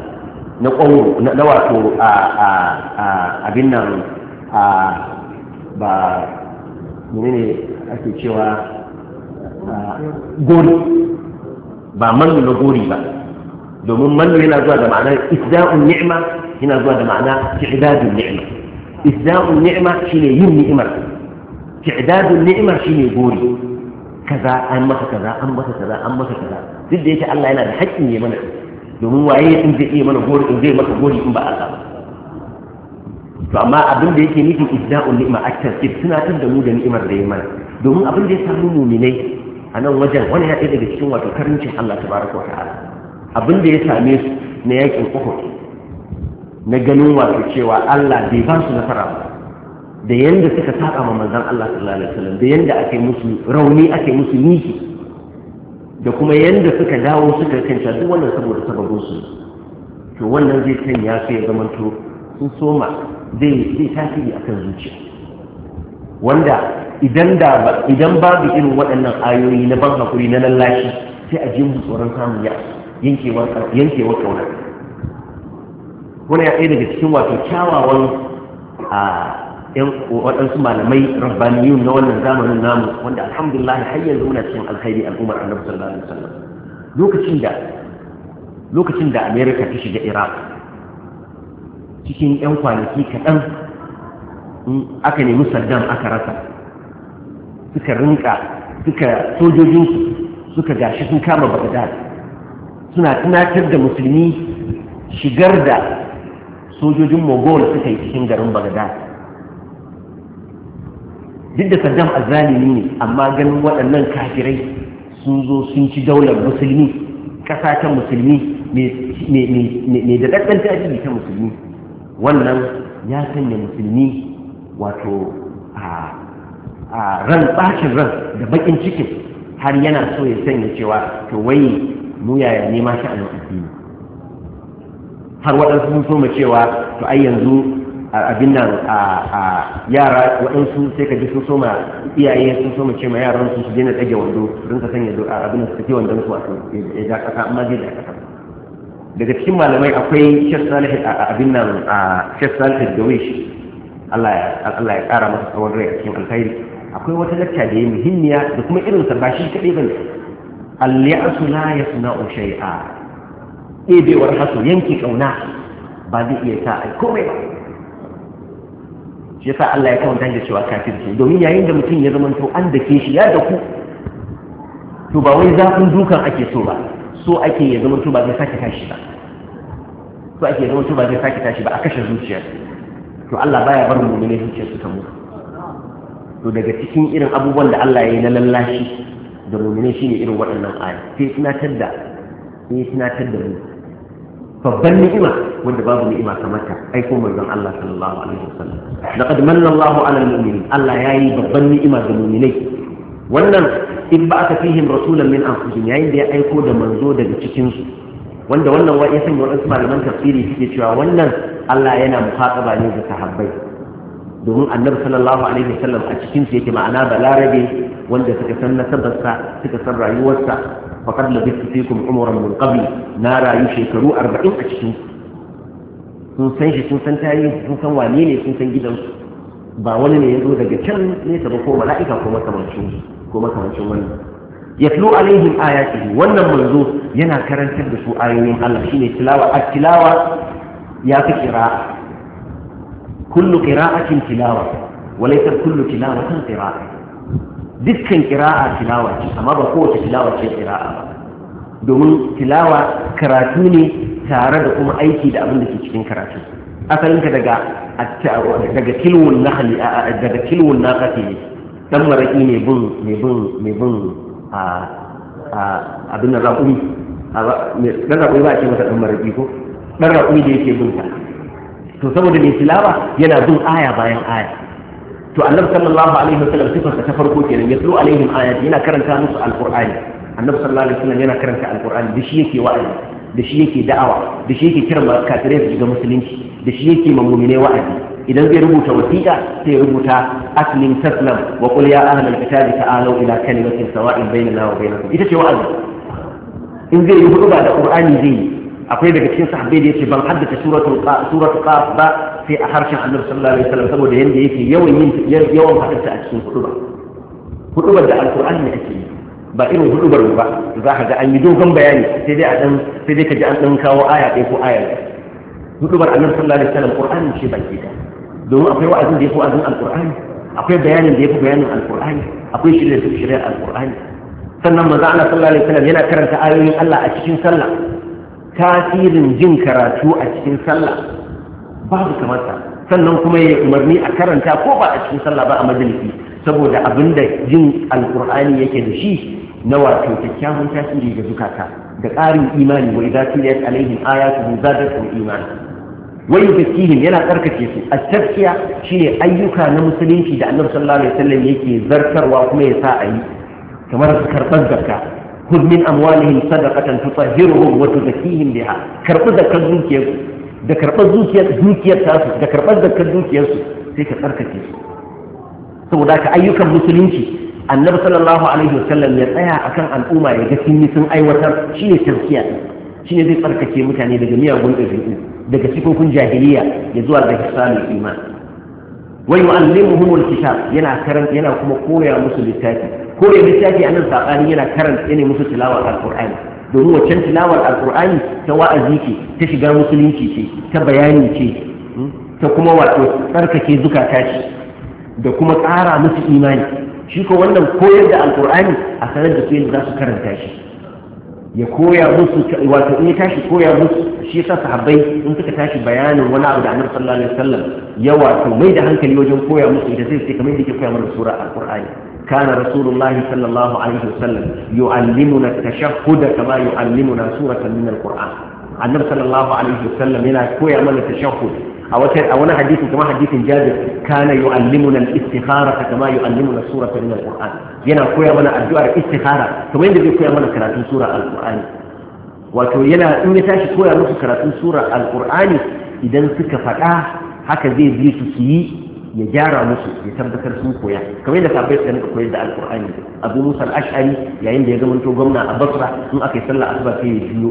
na qawlu na wato a a abin nan a ba menene ake cewa gori ba mannu na gori ba domin mannu yana zuwa da ma'anar isda'un ni'ma yana zuwa da ma'ana ti'dadun ni'ma izda'un ni'ima shine yin ni'imar i'dadun ni'ima shine gori kaza an masa kaza an masa kaza an masa kaza duk da yake Allah yana da haƙƙin ya mana domin waye in zai iya mana gori in zai maka gori in ba Allah ba to amma abin da yake nufin izda'un ni'ima a tartib suna tun da mu da ni'imar da ya mana domin abin da ya samu muminai a nan wajen wani ya ɗaya daga cikin wato karincin Allah tabaraka wa ta'ala abin da ya same su na yakin Uhud na ganin wato cewa Allah bai ba su nasara ba da yanda suka saba ma manzon Allah sallallahu alaihi wasallam da yanda ake musu rauni ake musu niki da kuma yanda suka dawo suka kanta duk wannan saboda sababin su to wannan zai sanya su ya to sun soma zai zai tasiri akan zuciya wanda idan da idan babu irin waɗannan ayoyi na ban hakuri na lallashi sai a ji mu tsoron samun ya yankewar yankewar kaunar wani ya ɗaya daga cikin wato kyawawan a yan waɗansu malamai rabbaniyun na wannan zamanin namu wanda alhamdulillah har yanzu muna cikin alkhairi al'ummar annabi sallallahu alaihi wasallam lokacin da lokacin da america ta shiga iraq cikin yan kwanaki kaɗan aka nemi saddam aka rasa suka rinka suka sojojinsu suka gashi sun kama bagdad suna tunatar da musulmi shigar da sojojin mogol suka yi cikin garin bagdad duk da saddam azalimi ne amma ganin waɗannan kafirai sun zo sun ci daular musulmi ƙasa ta musulmi mai da ɗaɗɗan tajiri ta musulmi wannan ya sanya musulmi wato a ran ɓacin ran da baƙin cikin har yana so ya sanya cewa to wai mu yaya ma sha'anin addini har waɗansu sun soma cewa to ai yanzu abin nan a yara waɗansu sai ka ji sun soma iyaye sun soma ce ma yaran su su daina tsage wando don ka sanya abin da su take wandon su wato ya ja ƙasa amma zai da ƙasa. daga cikin malamai akwai shek salih abin nan a shek salih Wish. Allah ya ƙara masa tsawon rai a cikin alkhairi akwai wata lacca da ya muhimmiya da kuma irinsa ba shi kaɗai ba ne al-ya'su la yasna'u shay'a ɗebewar haso yanki ƙauna ba zai iya sa ai komai ba shi yasa Allah ya kawanta da cewa kafirci domin yayin da mutum ya zama to an ke shi ya daku to ba wai zafin dukan ake so ba so ake ya zama to ba zai sake tashi ba so ake ya zama to ba zai sake tashi ba a kashe zuciyar to Allah baya bar mu ne zuciyar su ta mutu to daga cikin irin abubuwan da Allah ya yi na lallashi da mu'mini shine irin waɗannan ayi sai tunatar da sai tunatar da mu babban ni'ima wanda babu ni'ima kamar ta aiko manzon Allah sallallahu alaihi wasallam laqad manna Allahu ala al-mu'minin Allah yayi babban ni'ima ga mu'minai wannan in ba aka fihim rasulan min anfusihim yayin da ya aiko da manzo daga cikin su wanda wannan wa ya sanya wasu malaman tafsiri suke cewa wannan Allah yana muhaqaba ne ga sahabbai domin annabi sallallahu alaihi wasallam a cikin su yake ma'ana balarabe wanda suka san nasabarsa suka san rayuwarsa Faƙar faqad labithtu fikum umuran min qabli na rayu shekaru arba'in a cikin sun san shi sun san tarihi sun san wane ne sun san gidansu ba wani ne ya zo daga can nesa ba ko mala'ika ko makamancin ko makamancin wannan yatlu alaihim ayatihi wannan manzo yana karantar da su ayoyin Allah shine tilawa at-tilawa ya fi qira'a kullu qira'atin tilawa wa laysa kullu tilawatan qira'a dukkan kira'a tilawa ce amma ba kowace tilawa ce kira'a ba domin tilawa karatu ne tare da kuma aiki da abin da ke cikin karatu ka daga daga tilwun nahli daga tilwun naqati ne dan maraki ne bin ne bin ne bin a abin da raƙumi dan raƙumi ba a ce masa dan maraki ko dan raƙumi da yake bin ta to saboda mai tilawa yana bin aya bayan aya to annabi sallallahu alaihi wa wasallam sifarsa ta farko kenan yatlu alaihim ayati yana karanta musu alqur'ani annabi sallallahu alaihi wa wasallam yana karanta alqur'ani da shi yake wa'azi da shi yake da'awa da shi yake kiran kafirai su shiga musulunci da shi yake mamumine wa'azi idan zai rubuta wasiƙa sai ya rubuta aslim taslam wa qul ya ahlal kitabi ta'alu ila kalimatin sawa'in bainana wa bainakum ita ce wa'azi in zai yi hudu ba da qur'ani zai yi akwai daga cikin sahabbai da yace ban haddace suratul qaf ba sai a harshen annabi sallallahu alaihi wasallam saboda yanda yake yawan yin yawan hadarta a cikin huduba hudubar da alqur'ani ne ake yi ba irin hudubar ba za ka ga an yi dogon bayani sai dai a dan sai dai ka ji an dan kawo aya ɗaya ko aya ɗaya hudubar annabi sallallahu alaihi wasallam qur'ani ce baki da domin akwai wa'azin da yafi wa'azin alqur'ani akwai bayanin da yafi bayanin alqur'ani akwai shirye da shirye alqur'ani sannan manzo Allah sallallahu alaihi wasallam yana karanta ayoyin Allah a cikin sallah tasirin jin karatu a cikin sallah babu kamarsa sannan kuma ya umarni a karanta ko ba a cikin sallah ba a majalisi saboda abin da jin alkur'ani yake da shi na wato kyakkyawan tasiri ga zukata da ƙarin imani wa idza tuliyat alaihim ayatuhu zadatuhum imani wani fakihin yana tsarkake su a tafkiya shine ayyuka na musulunci da annabi sallallahu alaihi wasallam yake zartarwa kuma ya sa a yi kamar su karɓar zakka khudh min amwalihim sadaqatan tutahhiruhum wa tuzakkihim biha karɓi zakkar dukiyar da karɓar dukiyar tasu da karɓar zakar dukiyarsu sai ka tsarkake su saboda ka ayyukan musulunci annabi sallallahu alaihi ya tsaya akan al'umma ya ga sun sun aiwatar shi ne tarkiya shi ne zai tsarkake mutane daga miyagun ɗabi'u daga sifofin jahiliya ya zuwa ga hisalul iman Wai yu'allimuhum alkitab yana karan yana kuma koya musu littafi koya littafi anan sakani yana karan yana musu tilawa alqur'ani domin waccan tilawar alkur'ani ta wa'azi ce ta shiga musulunci ce ta bayani ce ta kuma wato tsarkake zukata ce da kuma ƙara musu imani shi ko wannan koyar da alkur'ani a sanar da su yadda za su karanta shi ya koya musu wato in ya tashi koya musu shi yasa sahabbai in suka tashi bayanin wani abu da annabi sallallahu alaihi wasallam ya wato mai da hankali wajen koya musu ita sai kamar yadda ke koya mana sura alkur'ani كان رسول الله صلى الله عليه وسلم يعلمنا التشهد كما يعلمنا سورة من القرآن النبي صلى الله عليه وسلم هنا كوي عمل التشهد أو أنا حديث كما حديث جابر كان يعلمنا الاستخارة كما يعلمنا سورة من القرآن هنا كوي عمل الدعاء الاستخارة كما يندب كوي عمل كراتين سورة القرآن wato yana in ya tashi koya musu karatun sura alkur'ani idan suka faɗa haka zai bi su su yi ya gyara musu ya tabbatar sun koya kamar yadda sabai da nuka koyar da alkur'ani abu musa al'ashari yayin da ya zamanto gwamna a basra in aka yi sallah asuba sai ya biyo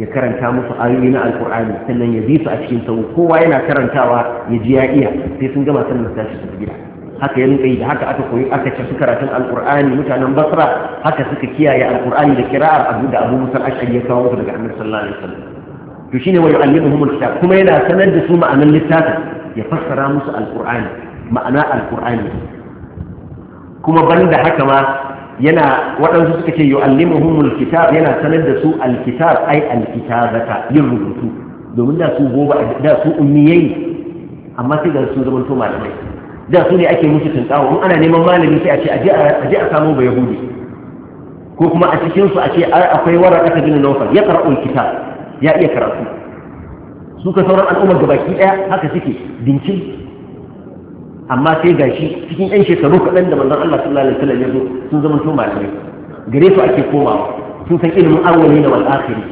ya karanta musu ayoyi na alkur'ani sannan ya bi a cikin sau kowa yana karantawa ya ji ya iya sai sun gama sannan tashi su gida haka ya nuka yi da haka aka koyi aka cafi karatun alkur'ani mutanen basra haka suka kiyaye alkur'ani da kira'ar abu da abu musa al'ashari ya kawo musu daga annabi sallallahu alaihi wasallam to shine wa yu'allimuhumul kitab kuma yana sanar da su ma'anar littafin ya fassara musu alkur'ani ma'ana alkur'ani kuma banda haka ma yana waɗansu suka ce yu'allimuhumul kitab yana sanar da su alkitab ai alkitabata yin rubutu domin da su goba da su ummiyai amma sai ga su to malamai da su ne ake musu tuntawa in ana neman malami sai a ce a je a samo ba yahudi ko kuma a cikin su a ce akwai waraka bin nawfal ya qara'ul kitab ya iya karatu su ka sauran al'ummar ga baki ɗaya haka suke dinki amma sai gashi cikin 'yan shekaru kaɗan da manzon Allah sallallahu alaihi wasallam ya zo sun zama su malamai gare su ake komawa sun san ilimin awwali da wal akhiri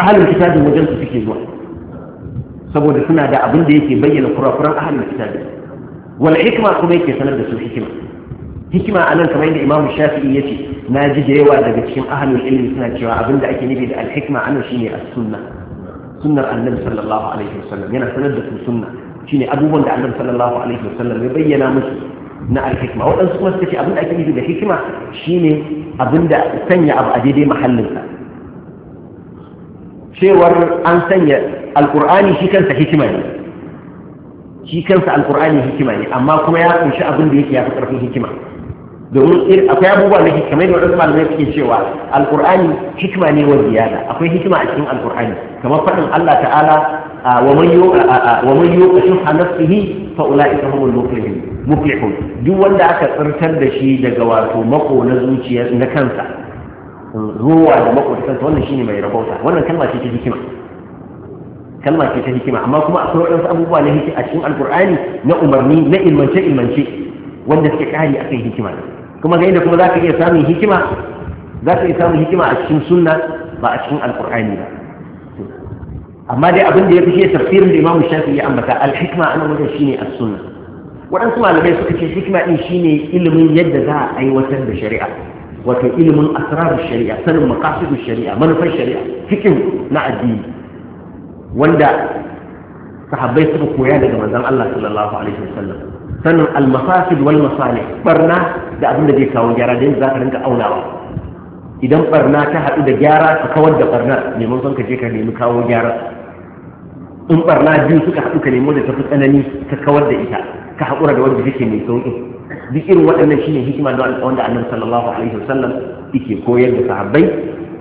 ahlul kitabin wajen su suke zuwa saboda suna da abin da yake bayyana kurakuran ahlul kitabi. wal hikma kuma yake sanar da su hikima hikima anan kamar yadda Imam Shafi'i yace na ji da yawa daga cikin ahlul ilmi suna cewa abin da ake nufi da al hikma anan shine as-sunnah sunnar annabi sallallahu alaihi wasallam yana sanar da su sunna shine abubuwan da annabi sallallahu alaihi wasallam ya bayyana musu na alhikma waɗansu kuma suka ce abin da ake nufi da hikima shine abin da sanya abu a daidai mahallinsa cewar an sanya alkur'ani shi kansa hikima ne shi kansa alkur'ani hikima ne amma kuma ya kunshi abin da yake ya fi ƙarfin hikima domin akwai abubuwa da kamar da wadansu malamai suke cewa alkur'ani hikima ne wa ziyada akwai hikima a cikin alkur'ani kamar faɗin Allah ta'ala wa man yuqa shuha nafsihi fa ulaika humul muflihun muflihun duk wanda aka tsirtar da shi daga wato mako na zuciya na kansa ruwa da mako da kansa wannan shine mai rabauta wannan kalma ce ta hikima kalma ce ta hikima amma kuma akwai wadansu abubuwa na hikima a cikin alkur'ani na umarni na ilmance ilmance wanda suke kari akan hikima ne kuma ga inda kuma za ka iya samun hikima za ka iya samun hikima a cikin sunna ba a cikin alkur'ani ba amma dai abin da ya fi tafsirin da imamu shafi ya ambata alhikma ana wajen ne a sunna waɗansu malamai suka ce hikima ɗin shine ilimin yadda za a aiwatar da shari'a wato ilimin asrarar shari'a sanin makasidu shari'a manufar shari'a cikin na addini wanda sahabbai suka koya daga manzon Allah sallallahu alaihi wasallam sanin almasafid wal masalih barna da abin da zai kawo gyara da za ka rinka aunawa idan barna ta haɗu da gyara ka kawar da neman son ka je ka nemi kawo gyara in barna biyu suka haɗu ka nemo da tafi tsanani ka kawar da ita ka haƙura da wanda take mai sauƙi duk irin waɗannan shine hikima da wanda annabi sallallahu alaihi wasallam yake koyar da sahabbai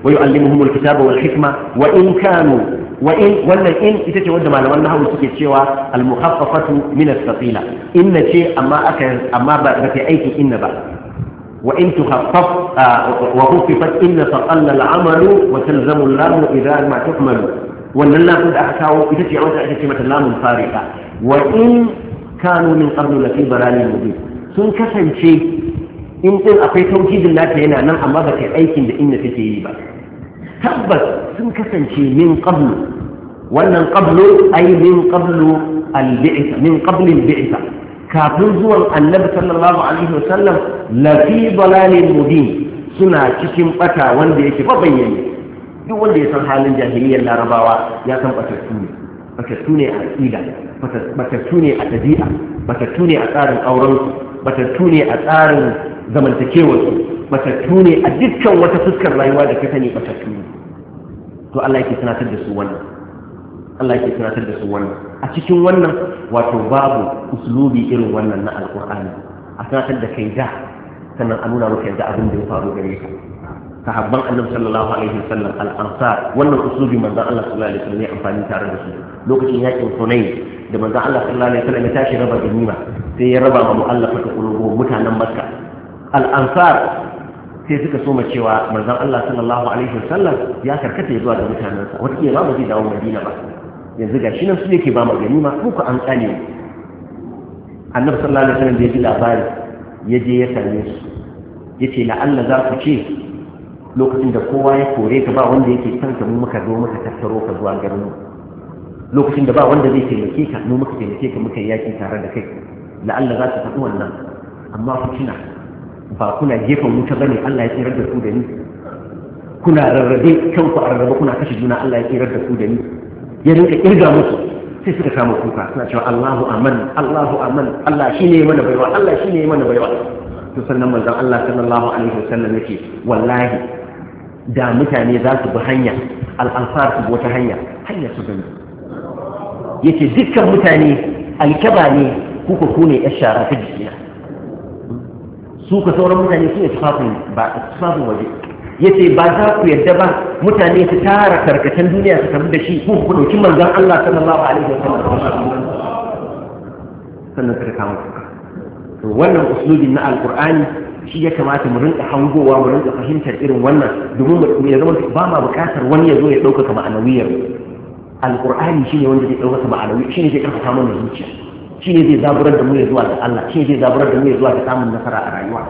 wa yu'allimuhumul kitaba wal hikma wa in kanu wa in wannan in ita ce wanda malaman nahawu suke cewa al mukhaffafatu min as saqila na ce amma aka amma ba kai aiki inna ba wa in tukhaffaf ah, wa khuffifat inna saqalla al amalu wa talzamu al lamu idha ma tuhmalu wannan lamun da aka kawo ita ce wata ake ce mata lamun farika wa in kanu min qablu lafi balalil mubin sun kasance in din akwai tauhidin nata yana nan amma ba ta aikin da in na take yi ba tabbas sun kasance min qablu wannan qablu ay min qablu al-bi'sa min qabli al-bi'sa kafin zuwan annabi sallallahu alaihi wasallam la fi dalalin mubin suna cikin bata wanda yake bayyane duk wanda ya san halin jahiliyyar larabawa ya san batattu ne batattu ne a aqida batattu ne a dabi'a batattu ne a tsarin aurensu batattu ne a tsarin zamantakewarsu batattu ne a dukkan wata fuskar rayuwa da ka sani batattu ne to Allah yake tunatar da su wannan Allah yake tunatar da su wannan a cikin wannan wato babu uslubi irin wannan na alqur'ani a tunatar da kai da sannan a nuna maka yadda abin da ya faru gare ka sahabban annabi sallallahu alaihi wasallam al-ansar wannan uslubi manzon Allah sallallahu alaihi wasallam ya amfani tare da su lokacin yakin sunai da manzon Allah sallallahu alaihi wasallam ya tashi raba ganima sai ya raba ma mu'allafa ta qulubu mutanen Makka al-ansar sai suka soma cewa manzon Allah sallallahu alaihi wasallam ya karkata ya zuwa ga mutanensa wataƙila ba mu zai dawo Madina ba yanzu gashi nan su yake ba mu ganima ko ku an tsane annabi sallallahu alaihi wasallam da ya ji labari ya je ya same su ce la'alla za ku ce lokacin da kowa ya kore ka ba wanda yake san ka mu muka zo muka tattaro ka zuwa garin mu lokacin da ba wanda zai taimake ka mu muka taimake ka muka yaki tare da kai la'alla za ku faɗi wannan amma ku tuna ba kuna gefen wuta ne Allah ya tsirar da su da ni kuna rarrabe kan ku a rarrabe kuna kashe juna Allah ya tsirar da su da ni ya rinka kirga musu sai suka kama kuka suna cewa Allahu aman Allahu aman Allah shine mana baiwa Allah shine mana baiwa to sannan manzon Allah sallallahu alaihi wasallam yake wallahi da mutane za su bi hanya al-ansar su wata hanya hanya su gani yake dukkan mutane alkaba ne kuka ku ne yar shara ta jikina su ka sauran mutane su ittifaqin ba ittifaqin waje yace ba za ku yadda ba mutane su tara karkatan duniya su tafi da shi ko ku dauki manzon Allah sallallahu alaihi wa wasallam sannan suka kama kuka wannan uslubin na alqur'ani shi ya kamata mu rinka hangowa mu rinka fahimtar irin wannan domin mu ya zama ba ma bukatar wani ya zo ya dauka ma'anawiyar alqur'ani shine wanda zai dauka ma'anawi shine zai karfafa mana zuciya shi ne zai zaburar da mu ya zuwa ga Allah shi ne zai zaburar da mu ya zuwa ga samun nasara a rayuwa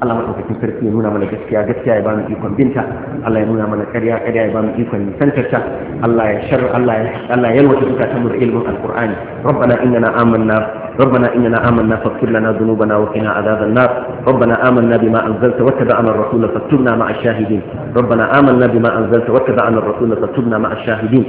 Allah maɗaukakin sarki ya nuna mana gaskiya gaskiya ya bamu ikon binta Allah ya nuna mana ƙarya ƙarya ya bamu ikon nisantarta Allah ya shar Allah ya Allah ya yalwata zukatanmu da ilimin alqur'ani rabbana innana amanna ربنا إننا آمنا فاغفر لنا ذنوبنا وقنا عذاب النار ربنا آمنا بما أنزلت واتبعنا الرسول فاكتبنا مع الشاهدين ربنا آمنا بما أنزلت واتبعنا الرسول فاكتبنا مع الشاهدين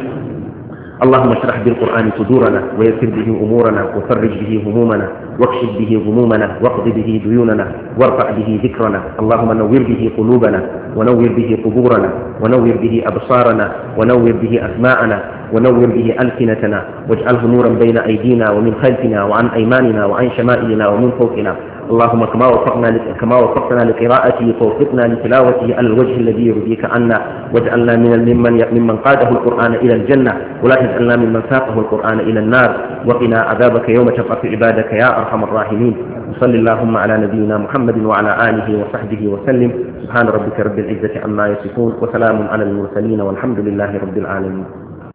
اللهم اشرح بالقرآن صدورنا ويسر به أمورنا وفرج به همومنا واكشف به غمومنا واقض به ديوننا وارفع به ذكرنا اللهم نور به قلوبنا ونور به قبورنا ونور به أبصارنا ونور به أسماءنا ونور به ألسنتنا واجعله نورا بين أيدينا ومن خلفنا وعن أيماننا وعن شمائلنا ومن فوقنا اللهم كما وفقنا كما وفقتنا لقراءته فوفقنا لتلاوته على الوجه الذي يرضيك عنا واجعلنا من ممن ممن قاده القرآن إلى الجنة ولا تجعلنا ممن ساقه القرآن إلى النار وقنا عذابك يوم تبعث عبادك يا أرحم الراحمين وصل اللهم على نبينا محمد وعلى آله وصحبه وسلم سبحان ربك رب العزة عما يصفون وسلام على المرسلين والحمد لله رب العالمين